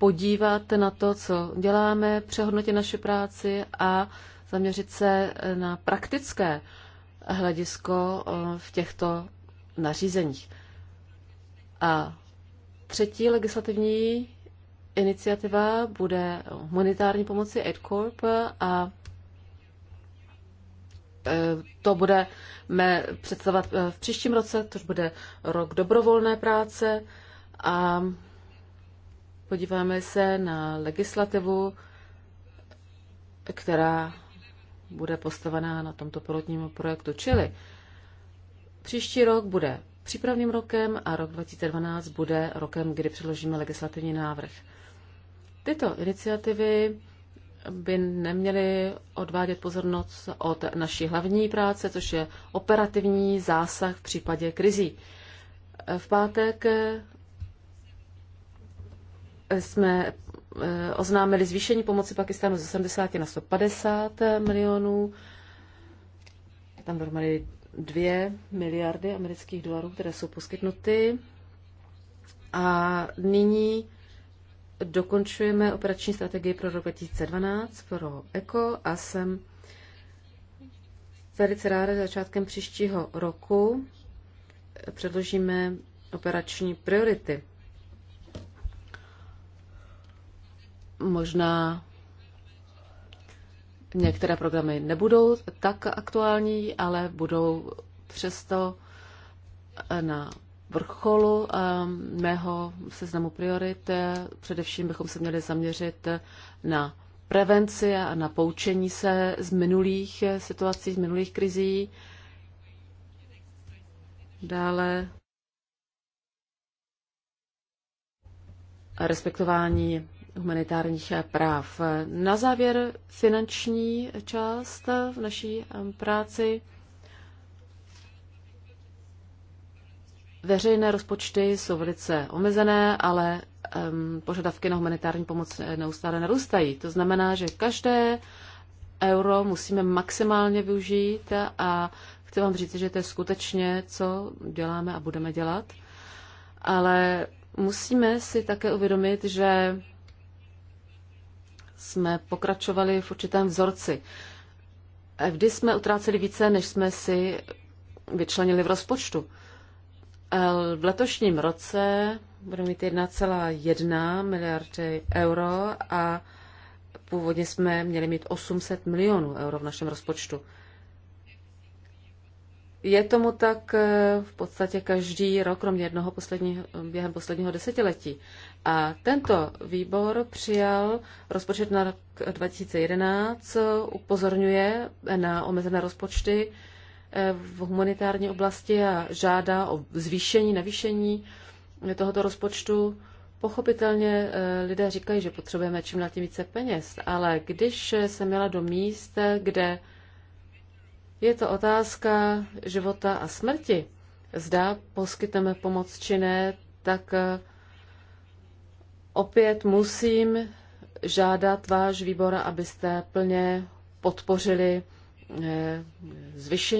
podívat na to, co děláme, přehodnotit naši práci a zaměřit se na praktické hledisko eh, v těchto nařízeních. A třetí legislativní iniciativa bude humanitární pomoci Corp a eh, to budeme představovat eh, v příštím roce, což bude rok dobrovolné práce a Podíváme se na legislativu, která bude postavená na tomto pilotním projektu. Čili příští rok bude přípravným rokem a rok 2012 bude rokem, kdy předložíme legislativní návrh. Tyto iniciativy by neměly odvádět pozornost od naší hlavní práce, což je operativní zásah v případě krizí. V pátek jsme eh, oznámili zvýšení pomoci Pakistánu ze 70 na 150 milionů. Tam dohromady 2 miliardy amerických dolarů, které jsou poskytnuty. A nyní dokončujeme operační strategii pro rok 2012 pro ECO a jsem velice ráda začátkem příštího roku předložíme operační priority Možná některé programy nebudou tak aktuální, ale budou přesto eh, na vrcholu eh, mého seznamu priorit. Eh, především bychom se měli zaměřit na prevenci a na poučení se z minulých situací, z minulých krizí. Dále respektování humanitárních práv. Na závěr finanční část v naší práci. Veřejné rozpočty jsou velice omezené, ale um, požadavky na humanitární pomoc neustále narůstají. To znamená, že každé euro musíme maximálně využít a chci vám říct, že to je skutečně, co děláme a budeme dělat. Ale musíme si také uvědomit, že jsme pokračovali v určitém vzorci. Vždy jsme utráceli více, než jsme si vyčlenili v rozpočtu. V letošním roce budeme mít 1,1 miliardy euro a původně jsme měli mít 800 milionů euro v našem rozpočtu. Je tomu tak eh, v podstatě každý rok, kromě jednoho posledního, během posledního desetiletí. A tento výbor přijal rozpočet na rok 2011, upozorňuje na omezené rozpočty eh, v humanitární oblasti a žádá o zvýšení, navýšení tohoto rozpočtu. Pochopitelně eh, lidé říkají, že potřebujeme čím dál tím více peněz, ale když jsem měla do míst, kde je to otázka života a smrti. Zda poskytneme pomoc či ne, tak eh, opět musím žádat váš výbor, abyste plně podpořili eh,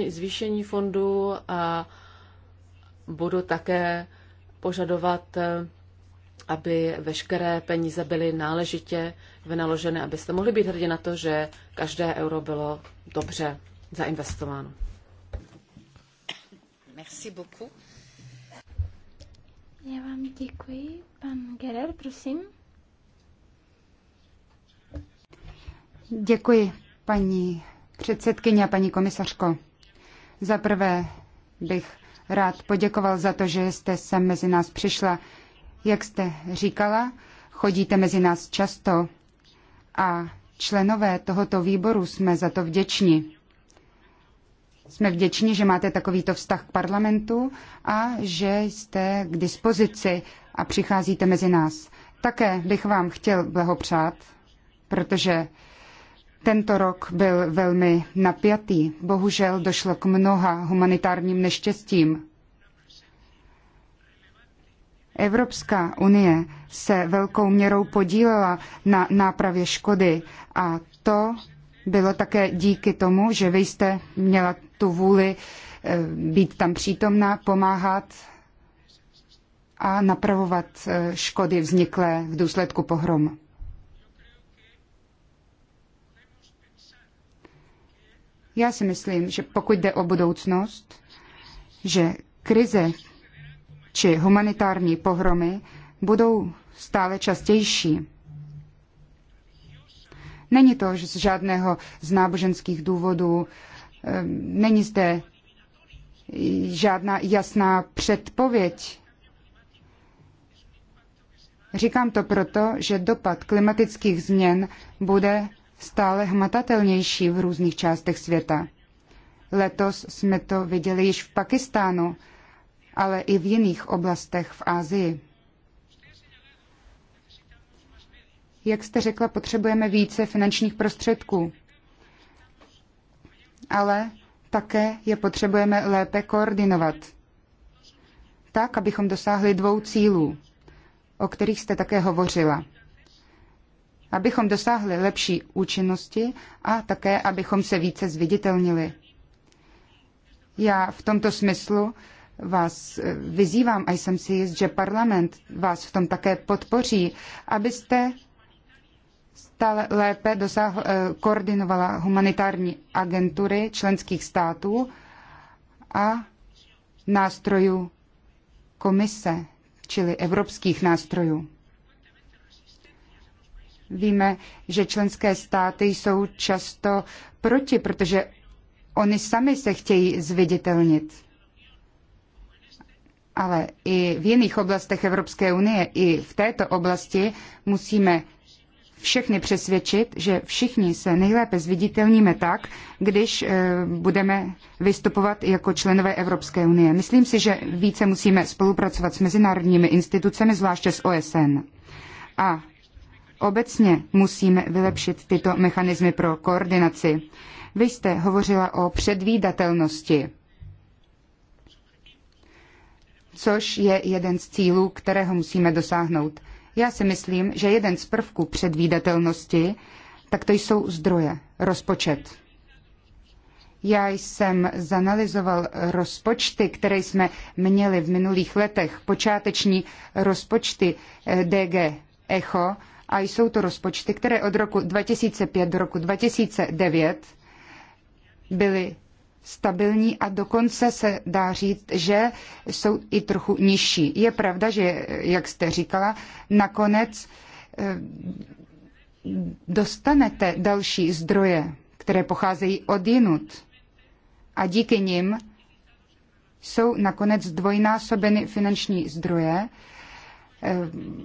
zvýšení, fondů fondu a budu také požadovat, eh, aby veškeré peníze byly náležitě vynaloženy, abyste mohli být hrdí na to, že každé euro bylo dobře zainvestováno. Merci beaucoup. Já vám děkuji. Pan Gerer, prosím. Děkuji, paní předsedkyně a paní komisařko. Za prvé bych rád poděkoval za to, že jste sem mezi nás přišla. Jak jste říkala, chodíte mezi nás často a členové tohoto výboru jsme za to vděční jsme vděční, že máte takovýto vztah k parlamentu a že jste k dispozici a přicházíte mezi nás. Také bych vám chtěl blahopřát, protože tento rok byl velmi napjatý. Bohužel došlo k mnoha humanitárním neštěstím. Evropská unie se velkou měrou podílela na nápravě škody a to bylo také díky tomu, že vy jste měla tu vůli eh, být tam přítomná, pomáhat a napravovat eh, škody vzniklé v důsledku pohrom. Já si myslím, že pokud jde o budoucnost, že krize či humanitární pohromy budou stále častější. Není to z žádného z náboženských důvodů, ehm, není zde žádná jasná předpověď. Říkám to proto, že dopad klimatických změn bude stále hmatatelnější v různých částech světa. Letos jsme to viděli již v Pakistánu, ale i v jiných oblastech v Asii. Jak jste řekla, potřebujeme více finančních prostředků, ale také je potřebujeme lépe koordinovat, tak, abychom dosáhli dvou cílů, o kterých jste také hovořila. Abychom dosáhli lepší účinnosti a také, abychom se více zviditelnili. Já v tomto smyslu vás eh, vyzývám a jsem si jist, že parlament vás v tom také podpoří, abyste stále lépe dosáhl, eh, koordinovala humanitární agentury členských států a nástrojů komise, čili evropských nástrojů. Víme, že členské státy jsou často proti, protože oni sami se chtějí zviditelnit. Ale i v jiných oblastech Evropské unie, i v této oblasti musíme všechny přesvědčit, že všichni se nejlépe zviditelníme tak, když eh, budeme vystupovat jako členové Evropské unie. Myslím si, že více musíme spolupracovat s mezinárodními institucemi, zvláště s OSN. A obecně musíme vylepšit tyto mechanismy pro koordinaci. Vy jste hovořila o předvídatelnosti, což je jeden z cílů, kterého musíme dosáhnout. Já si myslím, že jeden z prvků předvídatelnosti, tak to jsou zdroje, rozpočet. Já jsem zanalizoval rozpočty, které jsme měli v minulých letech, počáteční rozpočty eh, DG Echo, a jsou to rozpočty, které od roku 2005 do roku 2009 byly stabilní a dokonce se dá říct, že jsou i trochu nižší. Je pravda, že, jak jste říkala, nakonec eh, dostanete další zdroje, které pocházejí od jinut a díky nim jsou nakonec dvojnásobeny finanční zdroje eh,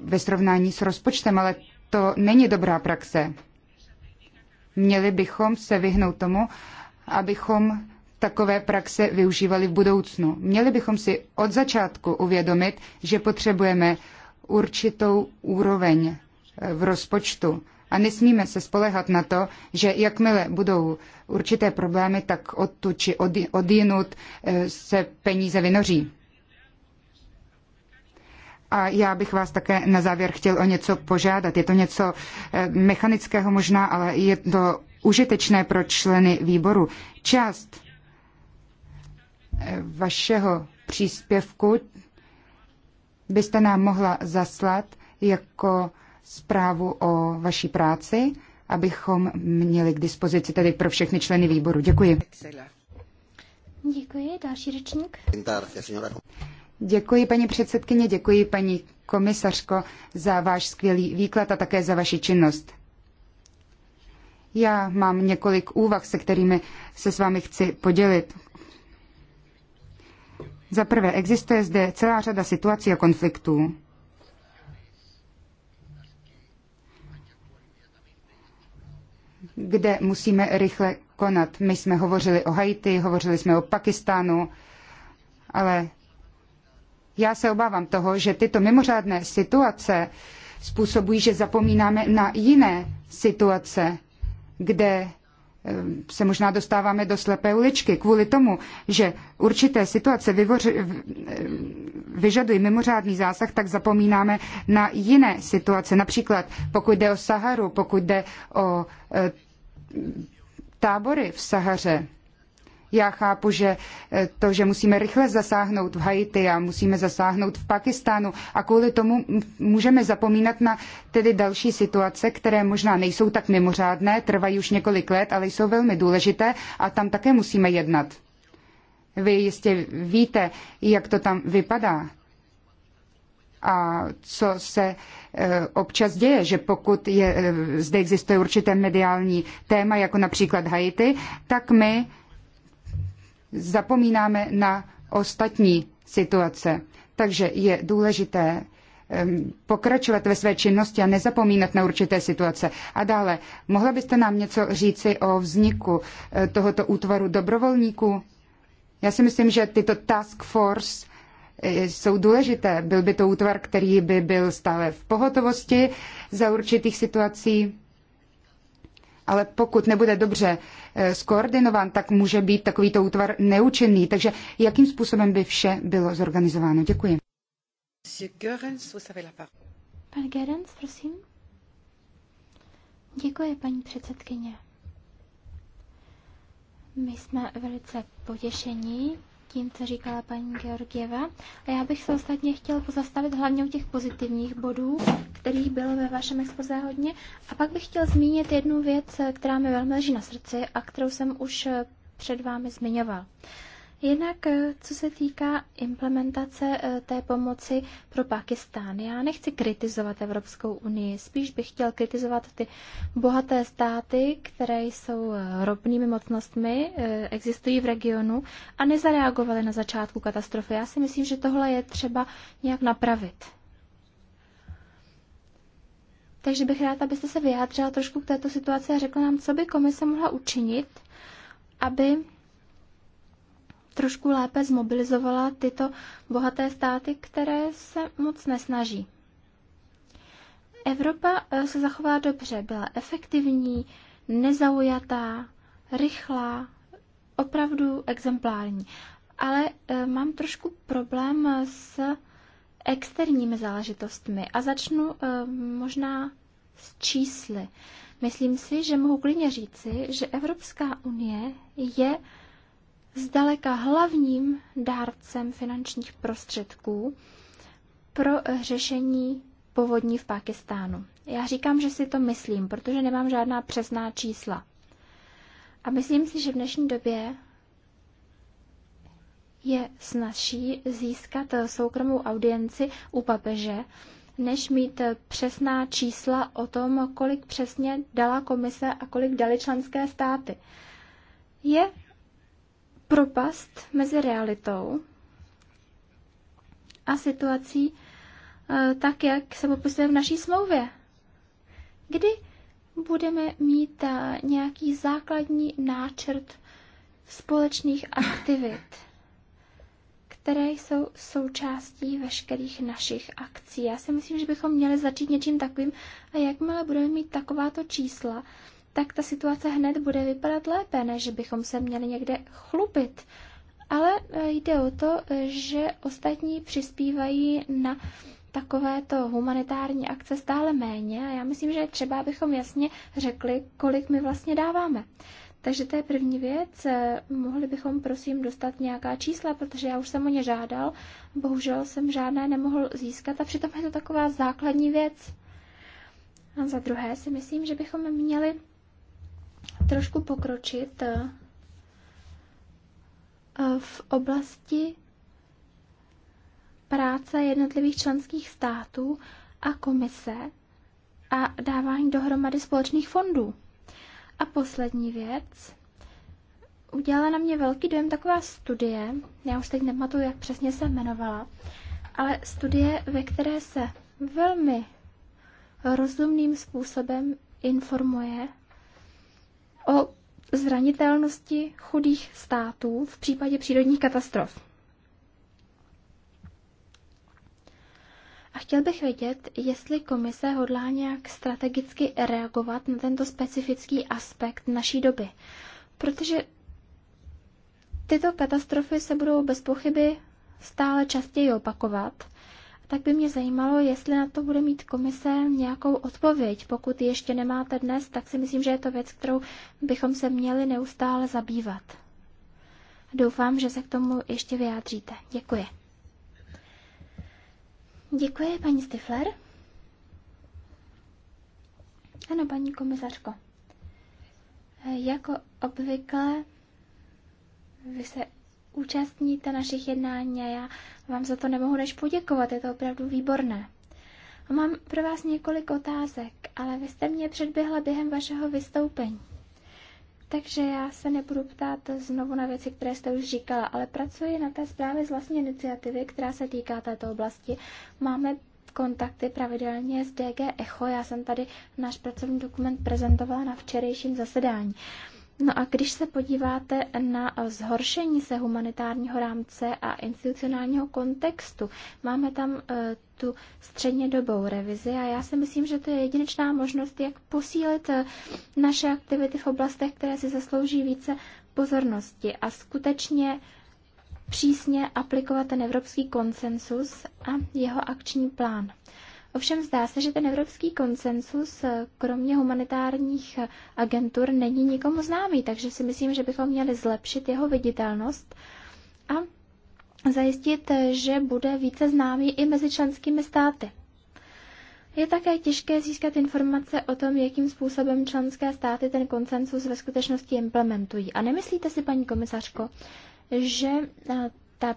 ve srovnání s rozpočtem, ale to není dobrá praxe. Měli bychom se vyhnout tomu, abychom takové praxe využívali v budoucnu. Měli bychom si od začátku uvědomit, že potřebujeme určitou úroveň eh, v rozpočtu a nesmíme se spolehat na to, že jakmile budou určité problémy, tak odtud či odjinut eh, se peníze vynoří. A já bych vás také na závěr chtěl o něco požádat. Je to něco eh, mechanického možná, ale je to užitečné pro členy výboru. Část vašeho příspěvku byste nám mohla zaslat jako zprávu o vaší práci, abychom měli k dispozici tedy pro všechny členy výboru. Děkuji. Děkuji. Další řečník. Děkuji, paní předsedkyně, děkuji, paní komisařko, za váš skvělý výklad a také za vaši činnost. Já mám několik úvah, se kterými se s vámi chci podělit. Za prvé, existuje zde celá řada situací a konfliktů, kde musíme rychle konat. My jsme hovořili o Haiti, hovořili jsme o Pakistánu, ale já se obávám toho, že tyto mimořádné situace způsobují, že zapomínáme na jiné situace, kde se možná dostáváme do slepé uličky kvůli tomu, že určité situace vyvoři, vyžadují mimořádný zásah, tak zapomínáme na jiné situace. Například pokud jde o Saharu, pokud jde o e, tábory v Sahaře. Já chápu, že eh, to, že musíme rychle zasáhnout v Haiti a musíme zasáhnout v Pakistánu a kvůli tomu můžeme zapomínat na tedy další situace, které možná nejsou tak mimořádné, trvají už několik let, ale jsou velmi důležité a tam také musíme jednat. Vy jistě víte, jak to tam vypadá a co se eh, občas děje, že pokud je, eh, zde existuje určité mediální téma, jako například Haiti, tak my zapomínáme na ostatní situace. Takže je důležité pokračovat ve své činnosti a nezapomínat na určité situace. A dále, mohla byste nám něco říci o vzniku eh, tohoto útvaru dobrovolníků? Já si myslím, že tyto task force eh, jsou důležité. Byl by to útvar, který by byl stále v pohotovosti za určitých situací ale pokud nebude dobře eh, skoordinován, tak může být takovýto útvar neúčinný. Takže jakým způsobem by vše bylo zorganizováno? Děkuji. Pan Gerens, prosím. Děkuji, paní předsedkyně. My jsme velice potěšení tím, co říkala paní Georgieva. A já bych se ostatně chtěl pozastavit hlavně u těch pozitivních bodů, kterých bylo ve vašem expoze hodně. A pak bych chtěl zmínit jednu věc, která mi velmi leží na srdci a kterou jsem už před vámi zmiňoval. Uh, Jinak, eh, co se týká implementace eh, té pomoci pro Pakistán, já nechci kritizovat Evropskou unii, spíš bych chtěl kritizovat ty bohaté státy, které jsou eh, ropnými mocnostmi, existují v regionu a nezareagovaly na začátku katastrofy. Já si myslím, že tohle je třeba nějak napravit. Takže bych rád, abyste se vyjádřila trošku k této situaci a řekla nám, co by komise mohla učinit, aby trošku lépe zmobilizovala tyto bohaté státy, které se moc nesnaží. Evropa eh, se zachová dobře, byla efektivní, nezaujatá, rychlá, opravdu exemplární. Ale eh, mám trošku problém eh, s externími záležitostmi a začnu možná s čísly. Myslím si, že mohu klidně říci, že Evropská unie je zdaleka hlavním dárcem finančních prostředků pro řešení povodní v Pakistánu. Já říkám, že si to myslím, protože nemám žádná přesná čísla. A myslím si, že v dnešní době je snažší získat soukromou audienci u papeže, než mít přesná čísla o tom, kolik přesně dala komise a kolik dali členské státy. Je propast mezi realitou a situací eh, tak, jak se popisuje v naší smlouvě. Kdy budeme mít eh, nějaký základní náčrt společných aktivit, které jsou součástí veškerých našich akcí. Já si myslím, že bychom měli začít něčím takovým a jakmile budeme mít takováto čísla, tak ta situace hned bude vypadat lépe, než bychom se měli někde chlubit. Ale e, jde o to, že ostatní přispívají na takovéto humanitární akce stále méně a já myslím, že třeba bychom jasně řekli, kolik my vlastně dáváme. Takže to je první věc. E, mohli bychom prosím dostat nějaká čísla, protože já už jsem o ně žádal. Bohužel jsem žádné nemohl získat a přitom je to taková základní věc. A za druhé si myslím, že bychom měli trošku pokročit eh, eh, v oblasti práce jednotlivých členských států a komise a dávání dohromady společných fondů. A poslední věc. Udělala na mě velký dojem taková studie, já už teď nepamatuju, jak přesně se jmenovala, ale studie, ve které se velmi rozumným způsobem informuje o zranitelnosti chudých států v případě přírodních katastrof. A chtěl bych vědět, jestli komise hodlá nějak strategicky reagovat na tento specifický aspekt naší doby. Protože tyto katastrofy se budou bez pochyby stále častěji opakovat tak by mě zajímalo, jestli na to bude mít komise nějakou odpověď. Pokud ji ještě nemáte dnes, tak si myslím, že je to věc, kterou bychom se měli neustále zabývat. Doufám, že se k tomu ještě vyjádříte. Děkuji. Děkuji, paní Stifler. Ano, paní komisařko. E, jako obvykle, vy se účastníte našich jednání a já vám za to nemohu než poděkovat, je to opravdu výborné. A mám pro vás několik otázek, ale vy jste mě předběhla během vašeho vystoupení. Takže já se nebudu ptát znovu na věci, které jste už říkala, ale pracuji na té zprávě z vlastní iniciativy, která se týká této oblasti. Máme kontakty pravidelně s DG Echo. Já jsem tady náš pracovní dokument prezentovala na včerejším zasedání. No a když se podíváte na zhoršení se humanitárního rámce a institucionálního kontextu, máme tam eh, tu střednědobou revizi a já si myslím, že to je jedinečná možnost, jak posílit eh, naše aktivity v oblastech, které si zaslouží více pozornosti a skutečně přísně aplikovat ten evropský konsensus a jeho akční plán. Ovšem zdá se, že ten evropský konsensus kromě humanitárních agentur není nikomu známý, takže si myslím, že bychom měli zlepšit jeho viditelnost a zajistit, že bude více známý i mezi členskými státy. Je také těžké získat informace o tom, jakým způsobem členské státy ten konsensus ve skutečnosti implementují. A nemyslíte si, paní komisařko, že eh, ta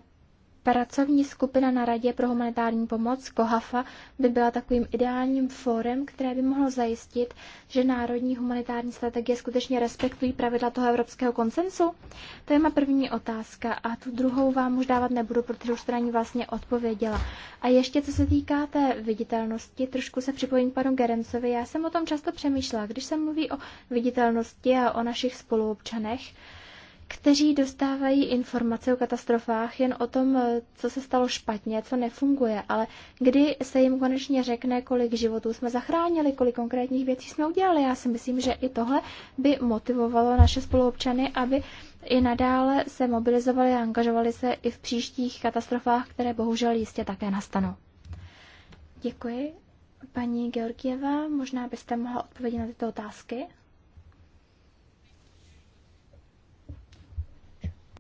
Pracovní skupina na Radě pro humanitární pomoc COHAFA by byla takovým ideálním fórem, které by mohlo zajistit, že národní humanitární strategie skutečně respektují pravidla toho evropského konsensu? To je má první otázka a tu druhou vám už dávat nebudu, protože už straní vlastně odpověděla. A ještě co se týká té viditelnosti, trošku se připojím k panu Gerencovi. Já jsem o tom často přemýšlela, když se mluví o viditelnosti a o našich spoluobčanech, kteří dostávají informace o katastrofách jen o tom, eh, co se stalo špatně, co nefunguje, ale kdy se jim konečně řekne, kolik životů jsme zachránili, kolik konkrétních věcí jsme udělali. Já si myslím, že i tohle by motivovalo naše spoluobčany, aby i nadále se mobilizovali a angažovali se i v příštích katastrofách, které bohužel jistě také nastanou. Děkuji. Paní Georgieva, možná byste mohla odpovědět na tyto otázky?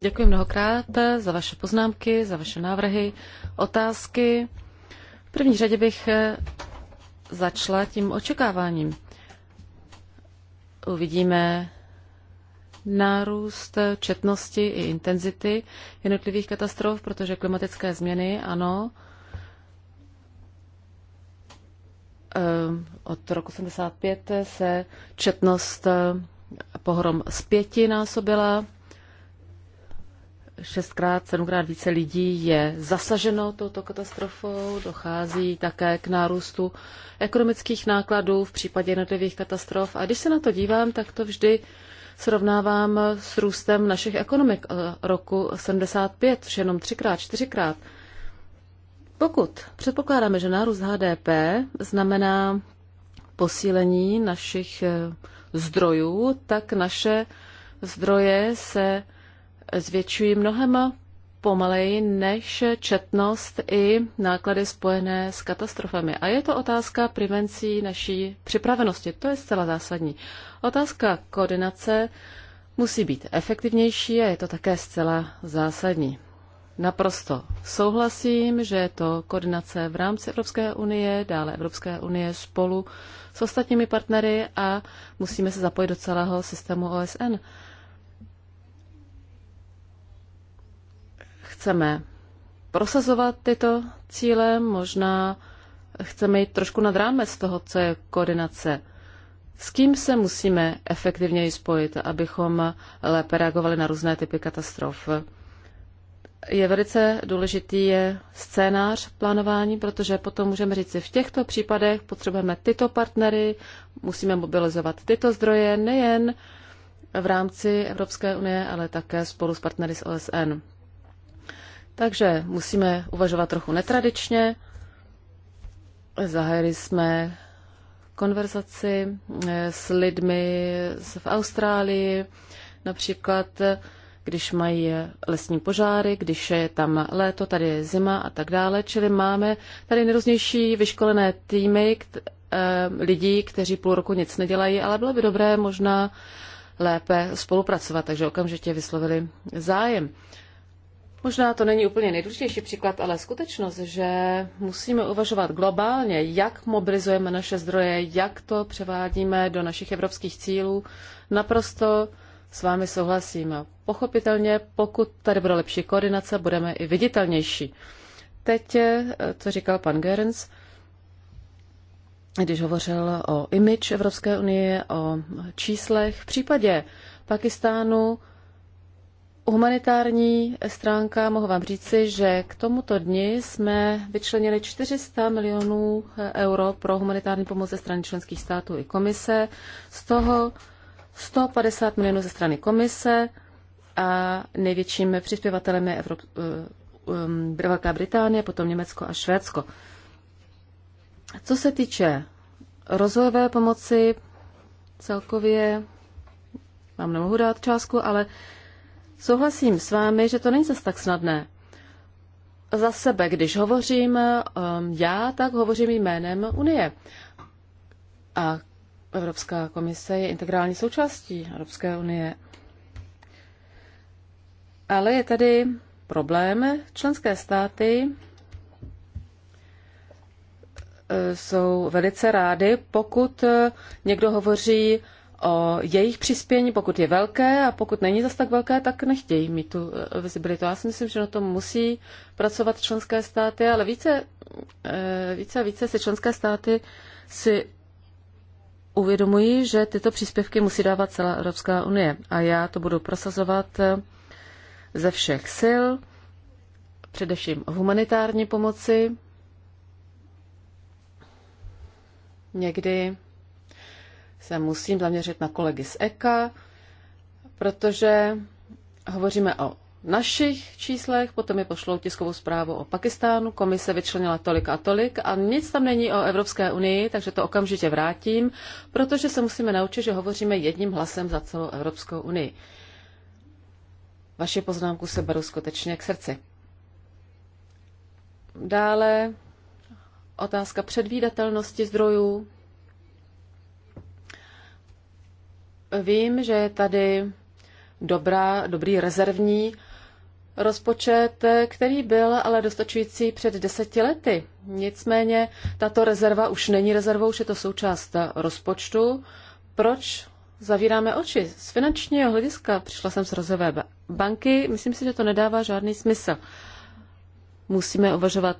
Děkuji mnohokrát eh, za vaše poznámky, za vaše návrhy, otázky. V první řadě bych eh, začala tím očekáváním. Uvidíme nárůst eh, četnosti i intenzity jednotlivých katastrof, protože klimatické změny, ano, od roku 75 se četnost pohrom z pěti násobila, šestkrát, sedmkrát více lidí je zasaženo touto katastrofou, dochází také k nárůstu ekonomických nákladů v případě jednotlivých katastrof. A když se na to dívám, tak to vždy srovnávám s růstem našich ekonomik eh, roku 75, což jenom třikrát, čtyřikrát. Pokud předpokládáme, že nárůst HDP znamená posílení našich eh, zdrojů, tak naše zdroje se zvětšují mnohem pomaleji než četnost i náklady spojené s katastrofami. A je to otázka prevencí naší připravenosti. To je zcela zásadní. Otázka koordinace musí být efektivnější a je to také zcela zásadní. Naprosto souhlasím, že je to koordinace v rámci Evropské unie, dále Evropské unie spolu s ostatními partnery a musíme se zapojit do celého systému OSN. chceme prosazovat tyto cíle, možná chceme jít trošku nad rámec toho, co je koordinace. S kým se musíme efektivněji spojit, abychom lépe reagovali na různé typy katastrof? Je velice důležitý je scénář plánování, protože potom můžeme říct si, v těchto případech potřebujeme tyto partnery, musíme mobilizovat tyto zdroje, nejen v rámci Evropské unie, ale také spolu s partnery z OSN. Takže musíme uvažovat trochu netradičně. Zahájili jsme konverzaci eh, s lidmi v Austrálii, například když mají lesní požáry, když je tam léto, tady je zima a tak dále. Čili máme tady nejrůznější vyškolené týmy eh, lidí, kteří půl roku nic nedělají, ale bylo by dobré možná lépe spolupracovat, takže okamžitě vyslovili zájem. Možná to není úplně nejdůležitější příklad, ale skutečnost, že musíme uvažovat globálně, jak mobilizujeme naše zdroje, jak to převádíme do našich evropských cílů, naprosto s vámi souhlasím. Pochopitelně, pokud tady bude lepší koordinace, budeme i viditelnější. Teď, co říkal pan Gerens, když hovořil o image Evropské unie, o číslech, v případě Pakistánu humanitární stránka, mohu vám říci, že k tomuto dni jsme vyčlenili 400 milionů euro pro humanitární pomoc ze strany členských států i komise, z toho 150 milionů ze strany komise a největším přispěvatelem je Evrop, eh, Velká Británie, potom Německo a Švédsko. Co se týče rozvojové pomoci, celkově vám nemohu dát částku, ale Souhlasím s vámi, že to není zas tak snadné. Za sebe, když hovořím um, já, tak hovořím jménem Unie. A Evropská komise je integrální součástí Evropské unie. Ale je tady problém. Členské státy eh, jsou velice rády, pokud eh, někdo hovoří o jejich přispění, pokud je velké a pokud není zas tak velké, tak nechtějí mít tu eh, vizibilitu. Já si myslím, že na tom musí pracovat členské státy, ale více, eh, více a více se členské státy si uvědomují, že tyto příspěvky musí dávat celá Evropská unie. A já to budu prosazovat eh, ze všech sil, především v humanitární pomoci. Někdy se musím zaměřit na kolegy z EKA, protože hovoříme o našich číslech, potom je pošlou tiskovou zprávu o Pakistánu, komise vyčlenila tolik a tolik a nic tam není o Evropské unii, takže to okamžitě vrátím, protože se musíme naučit, že hovoříme jedním hlasem za celou Evropskou unii. Vaše poznámku se beru skutečně k srdci. Dále otázka předvídatelnosti zdrojů. Vím, že je tady dobrá, dobrý rezervní rozpočet, který byl ale dostačující před deseti lety. Nicméně tato rezerva už není rezervou, už je to součást rozpočtu. Proč zavíráme oči? Z finančního hlediska přišla jsem z rozové banky. Myslím si, že to nedává žádný smysl. Musíme uvažovat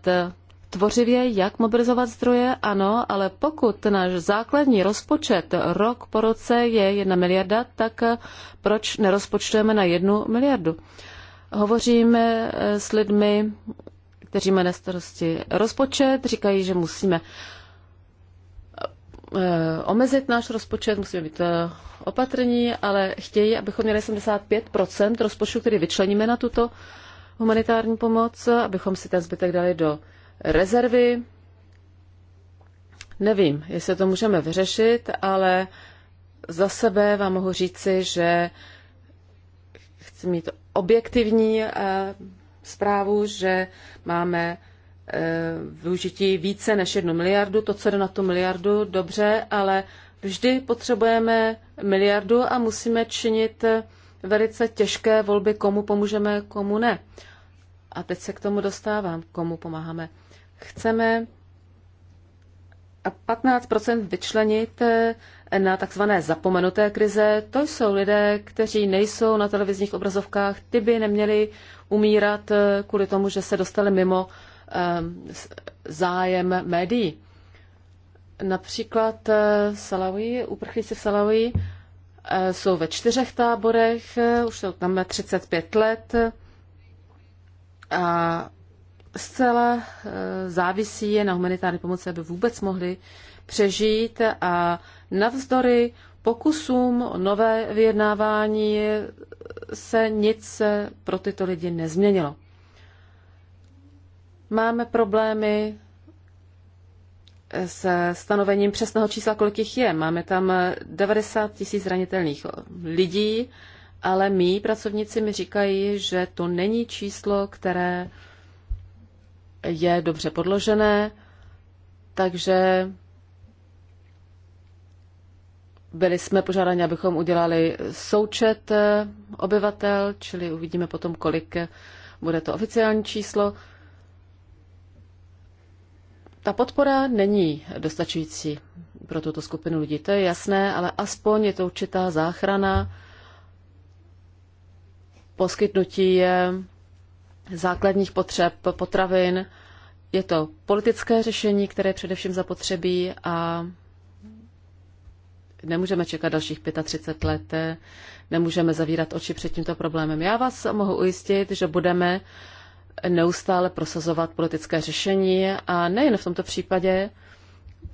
tvořivě, jak mobilizovat zdroje, ano, ale pokud náš základní rozpočet rok po roce je jedna miliarda, tak eh, proč nerozpočtujeme na jednu miliardu? Hovoříme eh, s lidmi, kteří mají na starosti rozpočet, říkají, že musíme eh, omezit náš rozpočet, musíme být opatrní, ale chtějí, abychom měli 75% rozpočtu, který vyčleníme na tuto humanitární pomoc, abychom si ten zbytek dali do rezervy. Nevím, jestli to můžeme vyřešit, ale za sebe vám mohu říci, že chci mít objektivní eh, zprávu, že máme eh, využití více než jednu miliardu, to, co jde na tu miliardu, dobře, ale vždy potřebujeme miliardu a musíme činit eh, velice těžké volby, komu pomůžeme, komu ne. A teď se k tomu dostávám, komu pomáháme chceme 15 vyčlenit eh, na takzvané zapomenuté krize. To jsou lidé, kteří nejsou na televizních obrazovkách, ty by neměli umírat eh, kvůli tomu, že se dostali mimo ehm, zájem médií. Například eh, Salaví, uprchlíci v Salaví jsou ve čtyřech táborech, už jsou tam 35 let a zcela eh, závisí je na humanitární pomoci, aby vůbec mohli přežít a navzdory pokusům o nové vyjednávání se nic eh, pro tyto lidi nezměnilo. Máme problémy eh, s stanovením přesného čísla, kolik jich je. Máme tam 90 tisíc zranitelných lidí, ale mý pracovníci mi říkají, že to není číslo, které je dobře podložené, takže byli jsme požádáni, abychom udělali součet eh, obyvatel, čili uvidíme potom, kolik bude to oficiální číslo. Ta podpora není dostačující pro tuto skupinu lidí, to je jasné, ale aspoň je to určitá záchrana poskytnutí základních potřeb potravin. Je to politické řešení, které je především zapotřebí a nemůžeme čekat dalších 35 let, nemůžeme zavírat oči před tímto problémem. Já vás mohu ujistit, že budeme neustále prosazovat politické řešení a nejen v tomto případě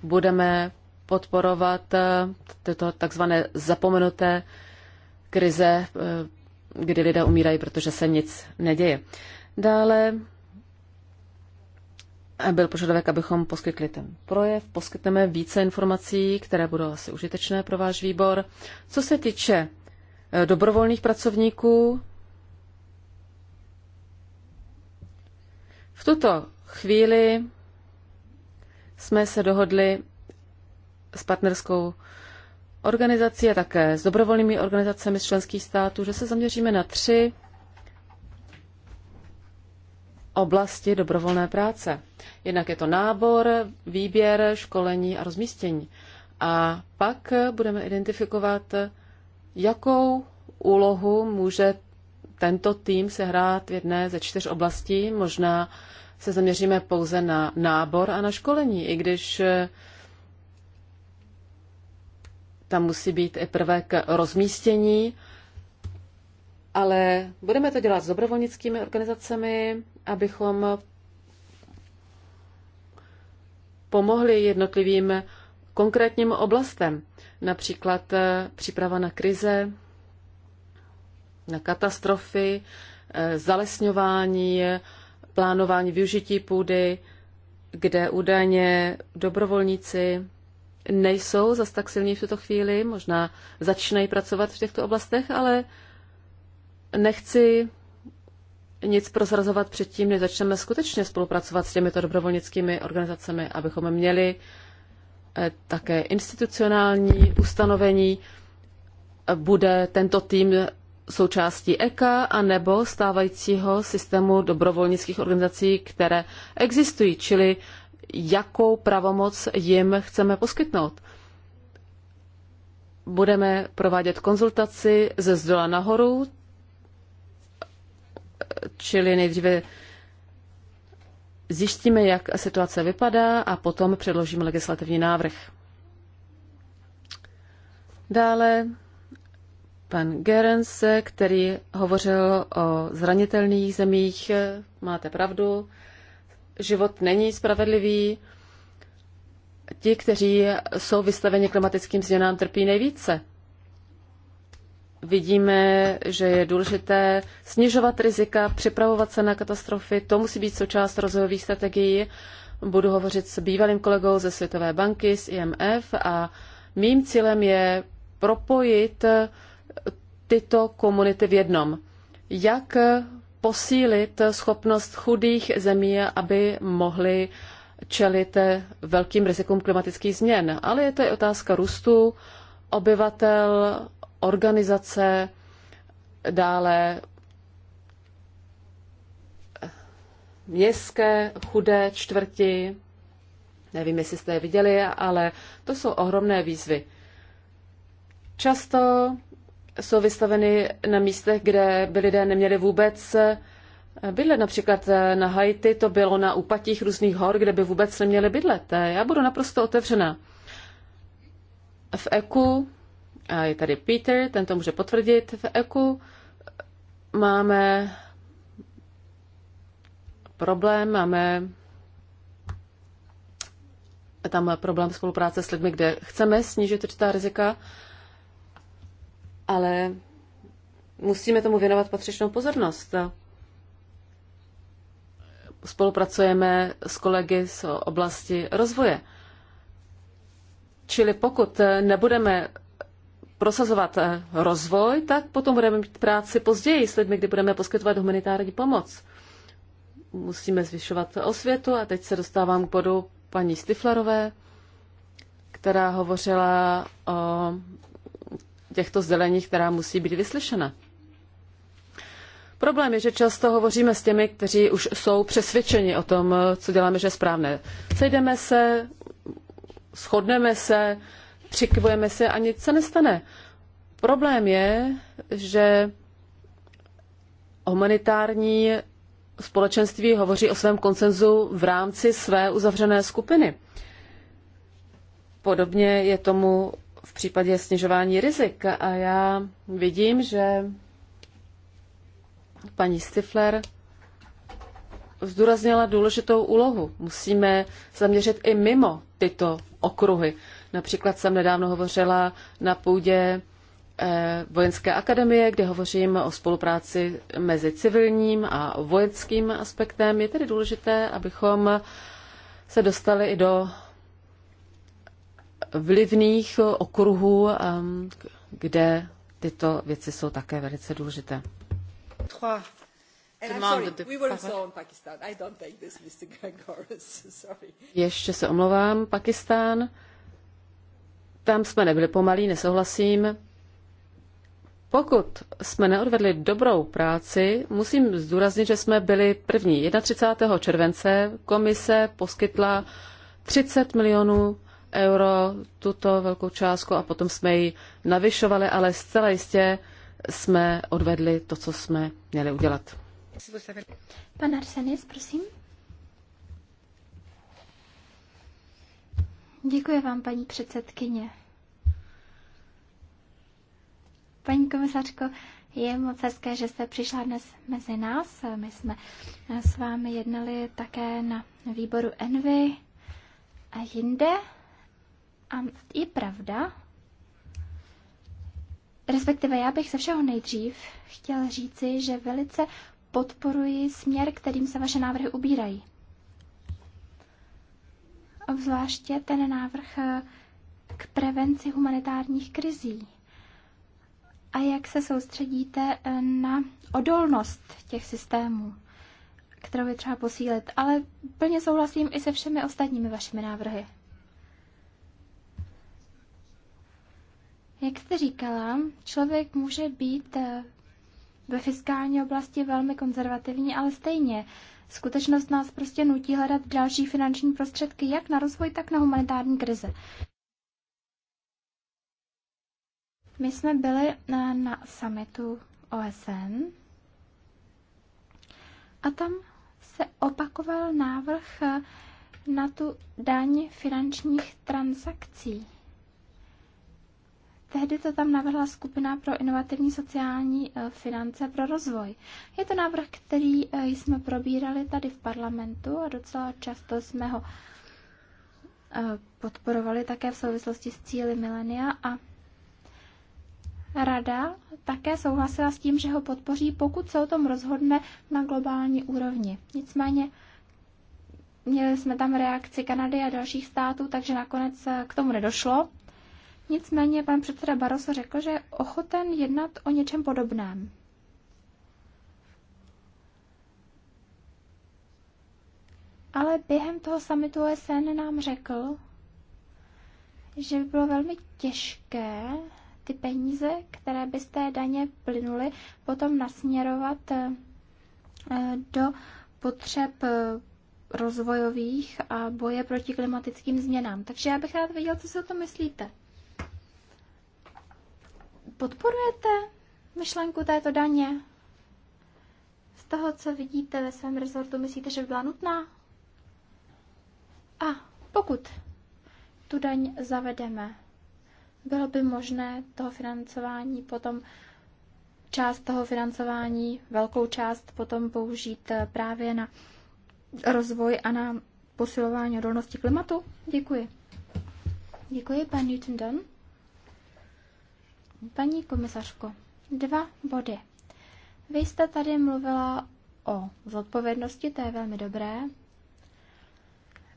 budeme podporovat eh, tyto takzvané zapomenuté krize, eh, kdy lidé umírají, protože se nic neděje. Dále byl požadavek, abychom poskytli ten projev, poskytneme více informací, které budou asi užitečné pro váš výbor. Co se týče eh, dobrovolných pracovníků, v tuto chvíli jsme se dohodli s partnerskou organizací a také s dobrovolnými organizacemi z členských států, že se zaměříme na tři oblasti dobrovolné práce. Jednak je to nábor, výběr, školení a rozmístění. A pak budeme identifikovat, jakou úlohu může tento tým sehrát v jedné ze čtyř oblastí. Možná se zaměříme pouze na nábor a na školení, i když eh, tam musí být i prvek rozmístění, ale budeme to dělat s dobrovolnickými organizacemi, abychom pomohli jednotlivým konkrétním oblastem, například eh, příprava na krize, na katastrofy, eh, zalesňování, plánování využití půdy, kde údajně dobrovolníci nejsou zas tak silní v tuto chvíli, možná začínají pracovat v těchto oblastech, ale Nechci nic prozrazovat předtím, než začneme skutečně spolupracovat s těmito dobrovolnickými organizacemi, abychom měli eh, také institucionální ustanovení. Bude tento tým součástí EKA a nebo stávajícího systému dobrovolnických organizací, které existují, čili jakou pravomoc jim chceme poskytnout. Budeme provádět konzultaci ze zdola nahoru, čili nejdříve zjistíme, jak situace vypadá a potom předložíme legislativní návrh. Dále pan Gerens, který hovořil o zranitelných zemích. Máte pravdu, život není spravedlivý. Ti, kteří jsou vystaveni klimatickým změnám, trpí nejvíce vidíme, že je důležité snižovat rizika, připravovat se na katastrofy. To musí být součást rozvojových strategií. Budu hovořit s bývalým kolegou ze Světové banky, z IMF a mým cílem je propojit tyto komunity v jednom. Jak posílit schopnost chudých zemí, aby mohly čelit velkým rizikům klimatických změn. Ale je to i otázka růstu obyvatel, organizace, dále městské chudé čtvrti, nevím, jestli jste je viděli, ale to jsou ohromné výzvy. Často jsou vystaveny na místech, kde by lidé neměli vůbec bydlet. Například na Haiti to bylo na úpatích různých hor, kde by vůbec neměli bydlet. Já budu naprosto otevřená. V EKU a je tady Peter, ten to může potvrdit. V EKU máme problém, máme tam problém spolupráce s lidmi, kde chceme snížit určitá rizika, ale musíme tomu věnovat patřičnou pozornost. Spolupracujeme s kolegy z oblasti rozvoje. Čili pokud nebudeme prosazovat eh, rozvoj, tak potom budeme mít práci později s lidmi, kdy budeme poskytovat humanitární pomoc. Musíme zvyšovat osvětu a teď se dostávám k bodu paní Stiflerové, která hovořila o těchto sděleních, která musí být vyslyšena. Problém je, že často hovoříme s těmi, kteří už jsou přesvědčeni o tom, co děláme, že je správné. Sejdeme se, shodneme se, přikvujeme se a nic se nestane. Problém je, že humanitární společenství hovoří o svém koncenzu v rámci své uzavřené skupiny. Podobně je tomu v případě snižování rizik. A já vidím, že paní Stifler zdůraznila důležitou úlohu. Musíme zaměřit i mimo tyto okruhy. Například jsem nedávno hovořila na půdě eh, vojenské akademie, kde hovořím o spolupráci mezi civilním a vojenským aspektem. Je tedy důležité, abychom se dostali i do vlivných okruhů, kde tyto věci jsou také velice důležité. Ještě se omlouvám, Pakistán. Tam jsme nebyli pomalí, nesouhlasím. Pokud jsme neodvedli dobrou práci, musím zdůraznit, že jsme byli první. 31. července komise poskytla 30 milionů euro, tuto velkou částku a potom jsme ji navyšovali, ale zcela jistě jsme odvedli to, co jsme měli udělat. Pan Arsenis, prosím. Děkuji vám, paní předsedkyně. Paní komisařko, je moc hezké, že jste přišla dnes mezi nás. My jsme s vámi jednali také na výboru Envy a jinde. A je pravda, respektive já bych se všeho nejdřív chtěl říci, že velice podporuji směr, kterým se vaše návrhy ubírají obzvláště ten návrh eh, k prevenci humanitárních krizí. A jak se soustředíte eh, na odolnost těch systémů, kterou je třeba posílit. Ale plně souhlasím i se všemi ostatními vašimi návrhy. Jak jste říkala, člověk může být eh, ve fiskální oblasti velmi konzervativní, ale stejně skutečnost nás prostě nutí hledat další finanční prostředky jak na rozvoj, tak na humanitární krize. My jsme byli na, na summitu OSN a tam se opakoval návrh na tu daň finančních transakcí. Tehdy to tam navrhla skupina pro inovativní sociální eh, finance pro rozvoj. Je to návrh, který eh, jsme probírali tady v parlamentu a docela často jsme ho eh, podporovali také v souvislosti s cíly milenia a Rada také souhlasila s tím, že ho podpoří, pokud se o tom rozhodne na globální úrovni. Nicméně měli jsme tam reakci Kanady a dalších států, takže nakonec k tomu nedošlo. Nicméně pan předseda Barroso řekl, že je ochoten jednat o něčem podobném. Ale během toho samitu OSN nám řekl, že by bylo velmi těžké ty peníze, které by z té daně plynuly, potom nasměrovat eh, do potřeb eh, rozvojových a boje proti klimatickým změnám. Takže já bych rád věděl, co si o to myslíte. Podporujete myšlenku této daně? Z toho, co vidíte ve svém rezortu, myslíte, že by byla nutná? A pokud tu daň zavedeme, bylo by možné toho financování potom část toho financování, velkou část potom použít eh, právě na rozvoj a na posilování odolnosti klimatu? Děkuji. Děkuji, pan Newton Dunn. Paní komisařko, dva body. Vy jste tady mluvila o zodpovědnosti, to je velmi dobré.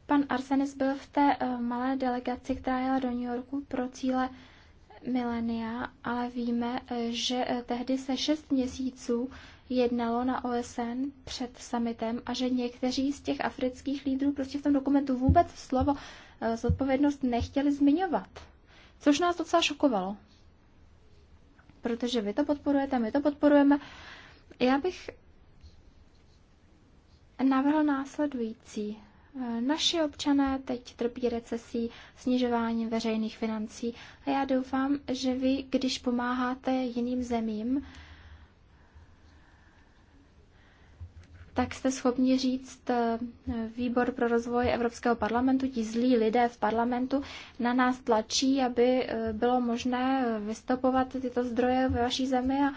Pan Arsenis byl v té eh, malé delegaci, která jela do New Yorku pro cíle milenia, ale víme, eh, že eh, tehdy se šest měsíců jednalo na OSN před summitem a že někteří z těch afrických lídrů prostě v tom dokumentu vůbec slovo zodpovědnost nechtěli zmiňovat. Což nás docela šokovalo protože vy to podporujete, my to podporujeme. Já bych navrhl následující. Naši občané teď trpí recesí, snižováním veřejných financí a já doufám, že vy, když pomáháte jiným zemím, tak jste schopni říct, eh, výbor pro rozvoj Evropského parlamentu, ti zlí lidé v parlamentu na nás tlačí, aby eh, bylo možné eh, vystopovat tyto zdroje ve vaší zemi a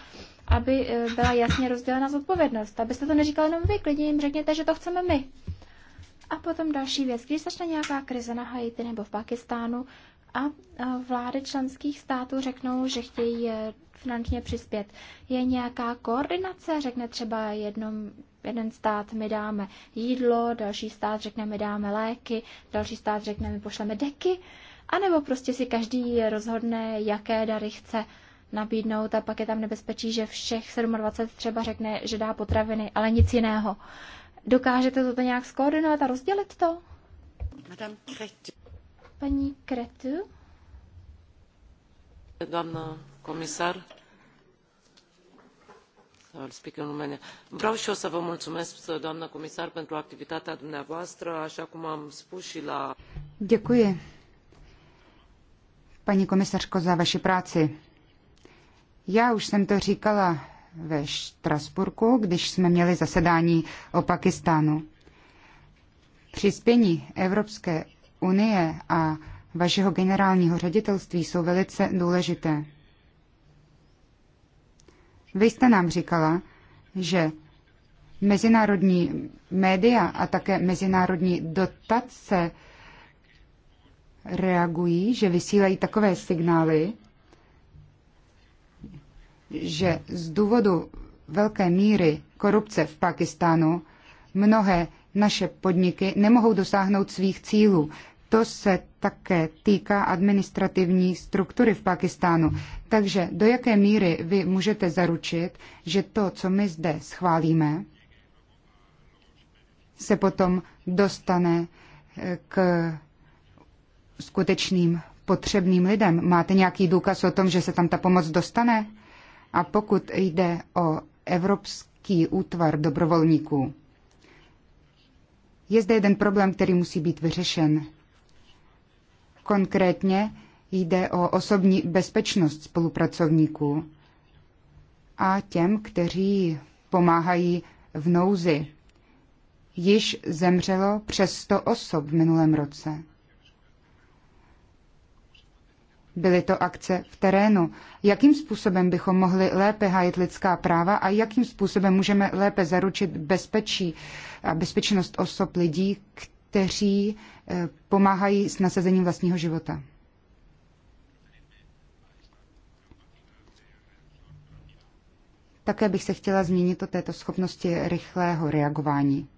aby byla jasně rozdělena zodpovědnost. Abyste to neříkali jenom vy, klidně jim řekněte, že to chceme my. A potom další věc, když začne nějaká krize na Haiti nebo v Pakistánu a vlády členských států řeknou, že chtějí finančně přispět. Je nějaká koordinace, řekne třeba jednom jeden stát mi dáme jídlo, další stát řekne mi dáme léky, další stát řekne mi pošleme deky, anebo prostě si každý rozhodne, jaké dary chce nabídnout a pak je tam nebezpečí, že všech 27 třeba řekne, že dá potraviny, ale nic jiného. Dokážete toto nějak skoordinovat a rozdělit to? Madame Kretu. Paní Kretu? Doamnă komisar. I'll speak in Romania. Vreau și eu să vă mulțumesc, doamnă comisar, pentru activitatea dumneavoastră, așa cum am spus și la... Děkuji, paní komisařko, za vaši práci. Já už jsem to říkala ve Štrasburku, když jsme měli zasedání o Pakistánu. Přispění Evropské unie a vašeho generálního ředitelství jsou velice důležité. Vy jste nám říkala, že mezinárodní média a také mezinárodní dotace reagují, že vysílají takové signály, že z důvodu velké míry korupce v Pakistánu mnohé naše podniky nemohou dosáhnout svých cílů. To se také týká administrativní struktury v Pakistánu. Takže do jaké míry vy můžete zaručit, že to, co my zde schválíme, se potom dostane eh, k skutečným potřebným lidem? Máte nějaký důkaz o tom, že se tam ta pomoc dostane? A pokud jde o Evropský útvar dobrovolníků, je zde jeden problém, který musí být vyřešen Konkrétně jde o osobní bezpečnost spolupracovníků a těm, kteří pomáhají v nouzi. Již zemřelo přes 100 osob v minulém roce. Byly to akce v terénu. Jakým způsobem bychom mohli lépe hájit lidská práva a jakým způsobem můžeme lépe zaručit bezpečí a bezpečnost osob lidí, kteří kteří eh, pomáhají s nasazením vlastního života. Také bych se chtěla zmínit o této schopnosti rychlého reagování.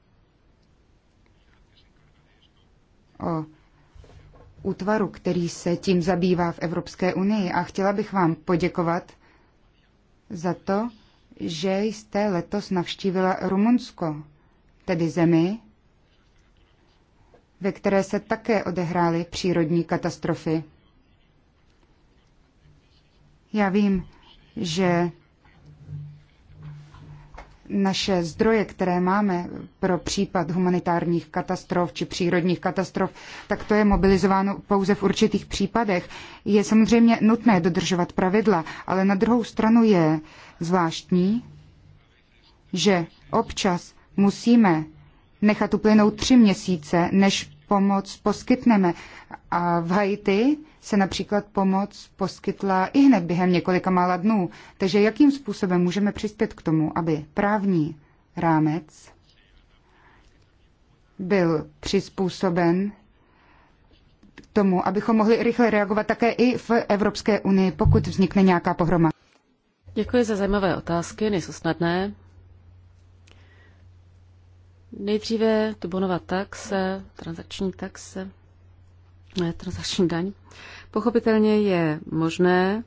O útvaru, který se tím zabývá v Evropské unii a chtěla bych vám poděkovat za to, že jste letos navštívila Rumunsko, tedy zemi, ve které se také odehrály přírodní katastrofy. Já vím, že naše zdroje, které máme pro případ humanitárních katastrof či přírodních katastrof, tak to je mobilizováno pouze v určitých případech. Je samozřejmě nutné dodržovat pravidla, ale na druhou stranu je zvláštní, že občas musíme nechat uplynout tři měsíce, než pomoc poskytneme. A v Haiti se například pomoc poskytla i hned během několika mála dnů. Takže jakým způsobem můžeme přispět k tomu, aby právní rámec byl přizpůsoben tomu, abychom mohli rychle reagovat také i v Evropské unii, pokud vznikne nějaká pohroma. Děkuji za zajímavé otázky, nejsou snadné. Nejdříve Tubonova taxe, transakční taxe, ne, transakční daň. Pochopitelně je možné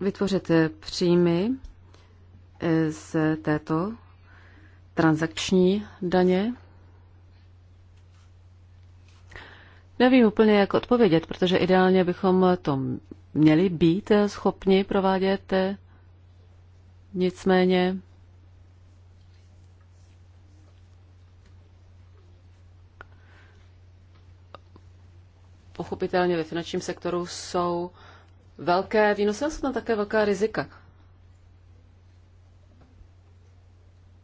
vytvořit příjmy eh, z této transakční daně. Nevím úplně, jak odpovědět, protože ideálně bychom to měli být schopni provádět. Eh, nicméně pochopitelně ve finančním sektoru jsou velké výnosy, jsou tam také velká rizika.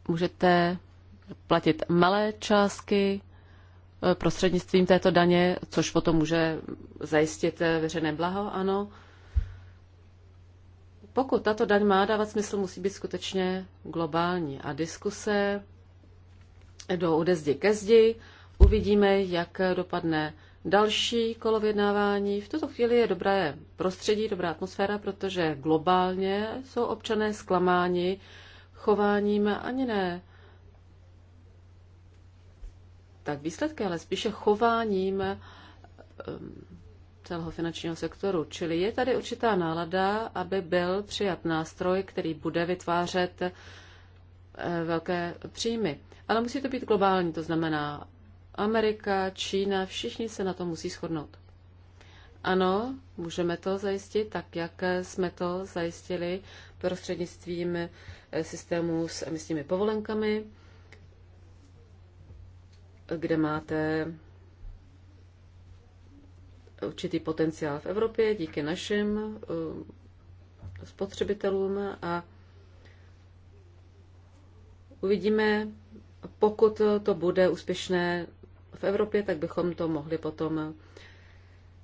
Můžete platit malé částky eh, prostřednictvím této daně, což potom může zajistit eh, veřejné blaho, ano. Pokud tato daň má dávat smysl, musí být skutečně globální. A diskuse do ode zdi ke zdi. Uvidíme, jak dopadne další kolo vyjednávání. V tuto chvíli je dobré prostředí, dobrá atmosféra, protože globálně jsou občané zklamáni chováním ani ne tak výsledky, ale spíše chováním ehm, celého finančního sektoru. Čili je tady určitá nálada, aby byl přijat nástroj, který bude vytvářet eh, velké příjmy. Ale musí to být globální, to znamená, Amerika, Čína, všichni se na to musí shodnout. Ano, můžeme to zajistit tak, jak jsme to zajistili prostřednictvím eh, systému s emisními povolenkami, kde máte určitý potenciál v Evropě díky našim eh, spotřebitelům a uvidíme, pokud to bude úspěšné v Evropě, tak bychom to mohli potom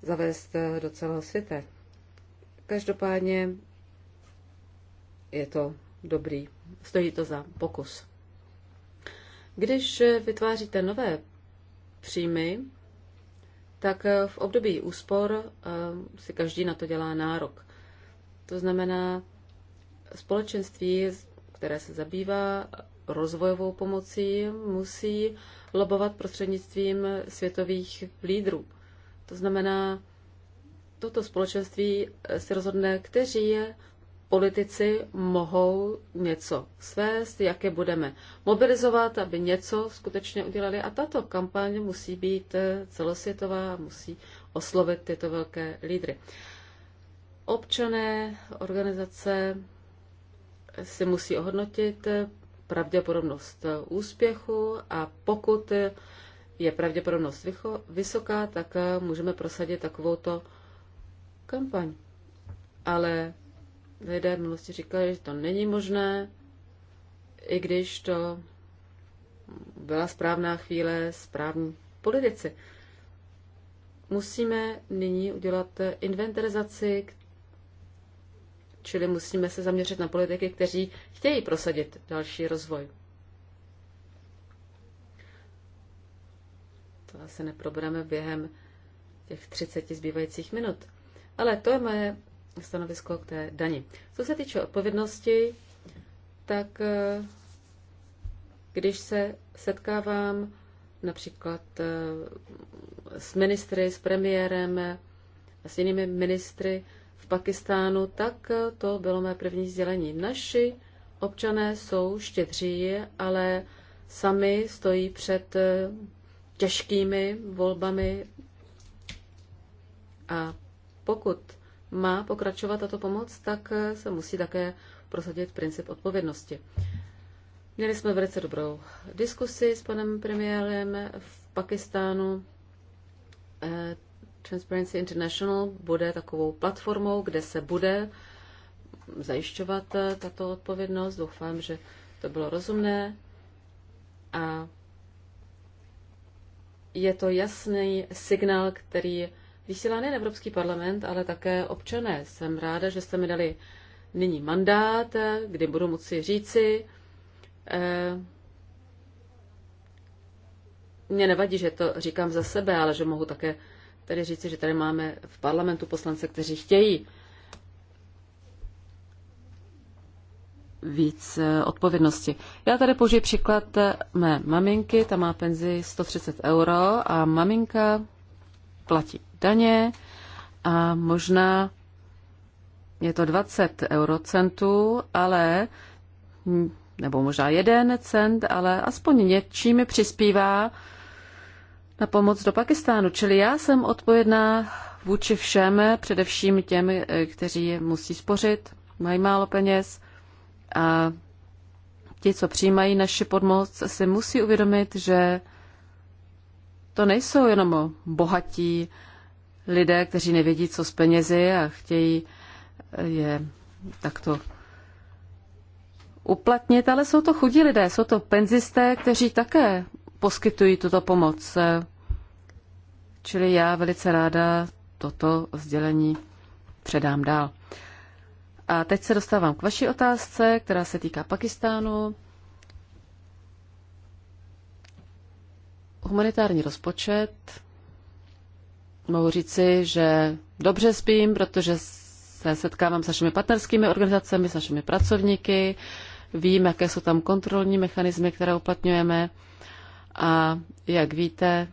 zavést do celého světa. Každopádně je to dobrý, stojí to za pokus. Když vytváříte nové příjmy, tak v období úspor eh, si každý na to dělá nárok. To znamená, společenství, které se zabývá rozvojovou pomocí, musí lobovat prostřednictvím světových lídrů. To znamená, toto společenství si rozhodne, kteří politici mohou něco svést, jaké budeme mobilizovat, aby něco skutečně udělali. A tato kampaň musí být celosvětová, musí oslovit tyto velké lídry. Občané, organizace si musí ohodnotit pravděpodobnost úspěchu a pokud je pravděpodobnost vysoká, tak můžeme prosadit takovouto kampaň. Ale lidé v minulosti říkali, že to není možné, i když to byla správná chvíle, správní politici. Musíme nyní udělat inventarizaci, Čili musíme se zaměřit na politiky, kteří chtějí prosadit další rozvoj. To asi neprobereme během těch 30 zbývajících minut. Ale to je moje stanovisko k té dani. Co se týče odpovědnosti, tak eh, když se setkávám například eh, s ministry, s premiérem, s jinými ministry, v Pakistánu, tak to bylo mé první sdělení. Naši občané jsou štědří, ale sami stojí před eh, těžkými volbami a pokud má pokračovat tato pomoc, tak eh, se musí také prosadit princip odpovědnosti. Měli jsme velice dobrou diskusi s panem premiérem v Pakistánu. Eh, Transparency International bude takovou platformou, kde se bude zajišťovat eh, tato odpovědnost. Doufám, že to bylo rozumné a je to jasný signál, který vysílá nejen Evropský parlament, ale také občané. Jsem ráda, že jste mi dali nyní mandát, eh, kdy budu moci říci, eh, mě nevadí, že to říkám za sebe, ale že mohu také tedy říci, že tady máme v parlamentu poslance, kteří chtějí víc eh, odpovědnosti. Já tady použiju příklad eh, mé maminky, ta má penzi 130 euro a maminka platí daně a možná je to 20 eurocentů, ale nebo možná jeden cent, ale aspoň něčím přispívá na pomoc do Pakistánu. Čili já jsem odpovědná vůči všem, především těm, eh, kteří musí spořit, mají málo peněz a ti, co přijímají naši podmoc, si musí uvědomit, že to nejsou jenom bohatí lidé, kteří nevědí, co s penězi a chtějí eh, je takto uplatnit, ale jsou to chudí lidé, jsou to penzisté, kteří také poskytují tuto pomoc. Čili já velice ráda toto sdělení předám dál. A teď se dostávám k vaší otázce, která se týká Pakistánu. Humanitární rozpočet. Mohu říci, že dobře spím, protože se setkávám s našimi partnerskými organizacemi, s našimi pracovníky, vím, jaké jsou tam kontrolní mechanismy, které uplatňujeme a jak víte,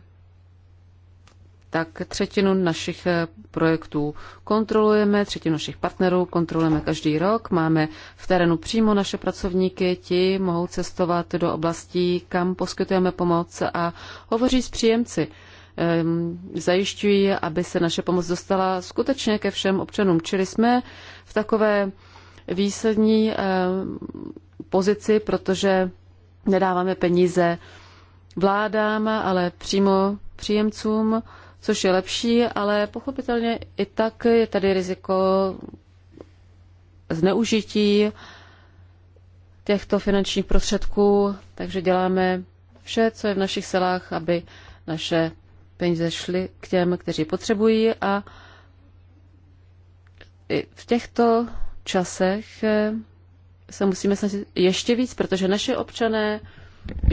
tak třetinu našich eh, projektů kontrolujeme, třetinu našich partnerů kontrolujeme každý rok. Máme v terénu přímo naše pracovníky, ti mohou cestovat do oblastí, kam poskytujeme pomoc a hovoří s příjemci. Ehm, zajišťují, aby se naše pomoc dostala skutečně ke všem občanům. Čili jsme v takové výsadní ehm, pozici, protože nedáváme peníze vládám, ale přímo příjemcům, což je lepší, ale pochopitelně i tak je tady riziko zneužití těchto finančních prostředků, takže děláme vše, co je v našich silách, aby naše peníze šly k těm, kteří potřebují a v těchto časech se musíme snažit ještě víc, protože naše občané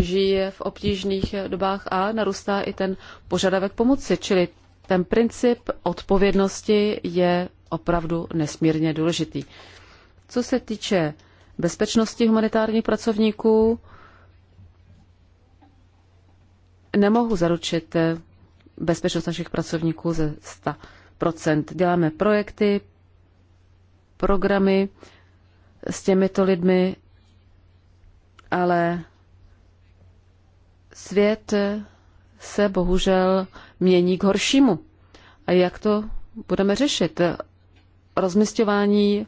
žije v obtížných dobách a narůstá i ten požadavek pomoci. Čili ten princip odpovědnosti je opravdu nesmírně důležitý. Co se týče bezpečnosti humanitárních pracovníků, nemohu zaručit bezpečnost našich pracovníků ze 100%. Děláme projekty, programy s těmito lidmi, ale svět se bohužel mění k horšímu. A jak to budeme řešit? Rozměstňování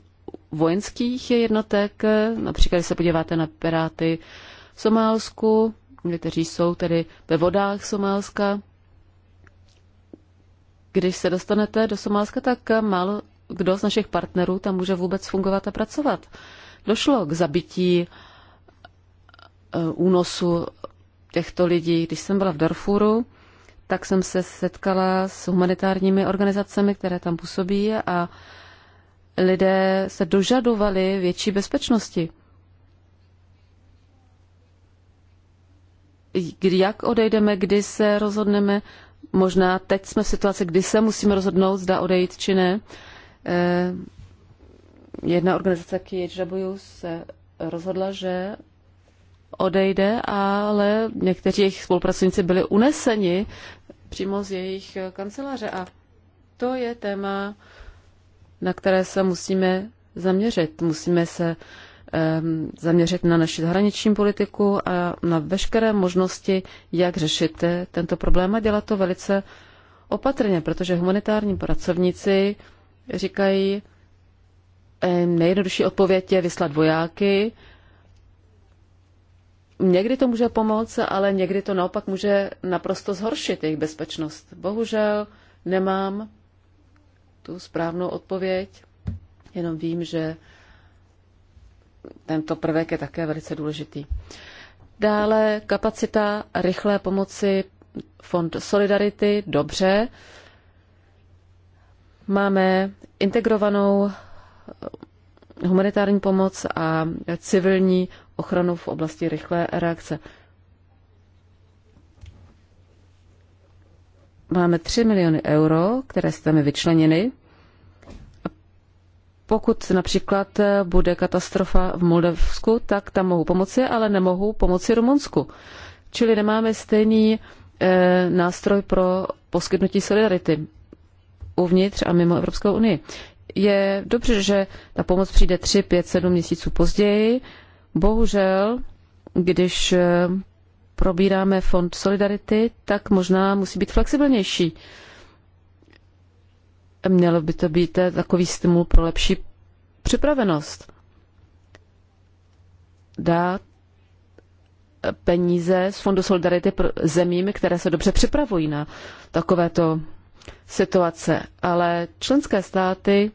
vojenských jednotek, například když se podíváte na piráty v Somálsku, kteří jsou tedy ve vodách Somálska. Když se dostanete do Somálska, tak málo kdo z našich partnerů tam může vůbec fungovat a pracovat. Došlo k zabití eh, únosu těchto lidí. Když jsem byla v Darfuru, tak jsem se setkala s humanitárními organizacemi, které tam působí a lidé se dožadovali větší bezpečnosti. Jak odejdeme, kdy se rozhodneme, možná teď jsme v situaci, kdy se musíme rozhodnout, zda odejít či ne. Eh, jedna organizace KHW se rozhodla, že odejde, ale někteří jejich spolupracovníci byli uneseni přímo z jejich kanceláře a to je téma, na které se musíme zaměřit. Musíme se um, zaměřit na naši zahraniční politiku a na veškeré možnosti, jak řešit tento problém a dělat to velice opatrně, protože humanitární pracovníci říkají, nejjednodušší odpověď je vyslat vojáky, Někdy to může pomoct, ale někdy to naopak může naprosto zhoršit jejich bezpečnost. Bohužel nemám tu správnou odpověď, jenom vím, že tento prvek je také velice důležitý. Dále kapacita rychlé pomoci Fond Solidarity, dobře. Máme integrovanou humanitární pomoc a civilní ochranu v oblasti rychlé reakce. Máme 3 miliony euro, které jste tam vyčleněny. Pokud například bude katastrofa v Moldavsku, tak tam mohu pomoci, ale nemohu pomoci Rumunsku. Čili nemáme stejný e, nástroj pro poskytnutí solidarity uvnitř a mimo Evropskou unii. Je dobře, že ta pomoc přijde 3, 5, 7 měsíců později, Bohužel, když eh, probíráme fond Solidarity, tak možná musí být flexibilnější. Mělo by to být eh, takový stimul pro lepší připravenost. Dát eh, peníze z Fondu Solidarity pro zemím, které se dobře připravují na takovéto situace. Ale členské státy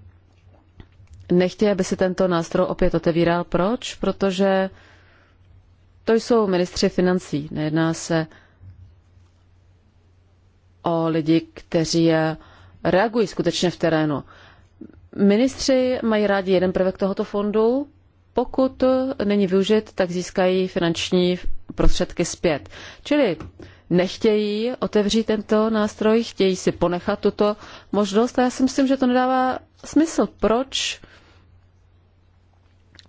nechtějí, aby se tento nástroj opět otevíral. Proč? Protože to jsou ministři financí. Nejedná se o lidi, kteří reagují skutečně v terénu. Ministři mají rádi jeden prvek tohoto fondu. Pokud není využit, tak získají finanční prostředky zpět. Čili nechtějí otevřít tento nástroj, chtějí si ponechat tuto možnost a já si myslím, že to nedává smysl. Proč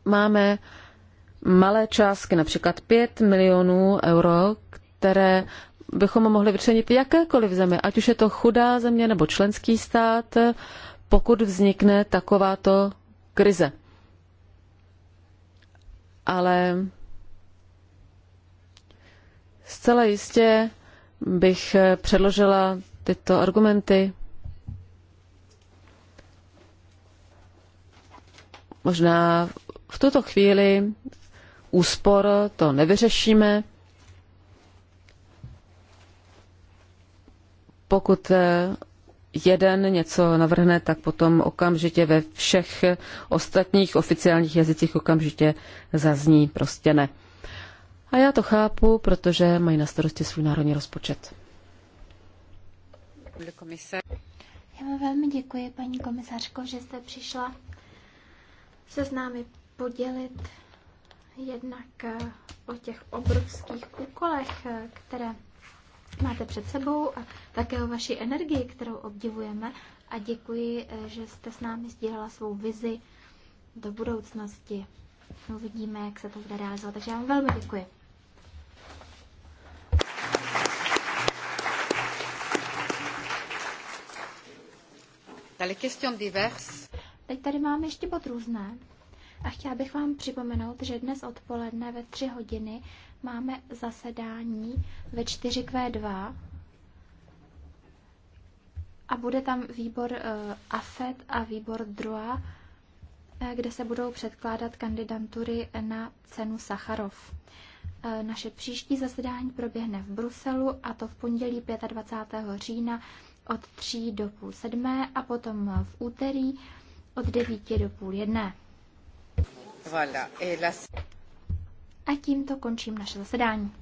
máme malé částky, například 5 milionů euro, které bychom mohli vyčlenit jakékoliv zemi, ať už je to chudá země nebo členský stát, pokud vznikne takováto krize. Ale zcela jistě bych předložila tyto argumenty. Možná v tuto chvíli úspor to nevyřešíme. Pokud eh, jeden něco navrhne, tak potom okamžitě ve všech ostatních oficiálních jazycích okamžitě zazní prostě ne. A já to chápu, protože mají na starosti svůj národní rozpočet. Já vám velmi děkuji, paní komisařko, že jste přišla se s námi podělit jednak eh, o těch obrovských úkolech, eh, které máte před sebou a také o vaší energii, kterou obdivujeme a děkuji, eh, že jste s námi sdílela svou vizi do budoucnosti. Uvidíme, jak se to bude realizovat. Takže já vám velmi děkuji. Teď tady máme ještě bod různé. A chtěla bych vám připomenout, že dnes odpoledne ve 3 hodiny máme zasedání ve 4Q2 a bude tam výbor uh, AFET a výbor DROA, eh, kde se budou předkládat kandidatury na cenu Sacharov. Eh, naše příští zasedání proběhne v Bruselu a to v pondělí 25. října od 3 do půl 7 a potom v úterý od 9 do půl 1. Voilà. A tímto končím naše zasedání.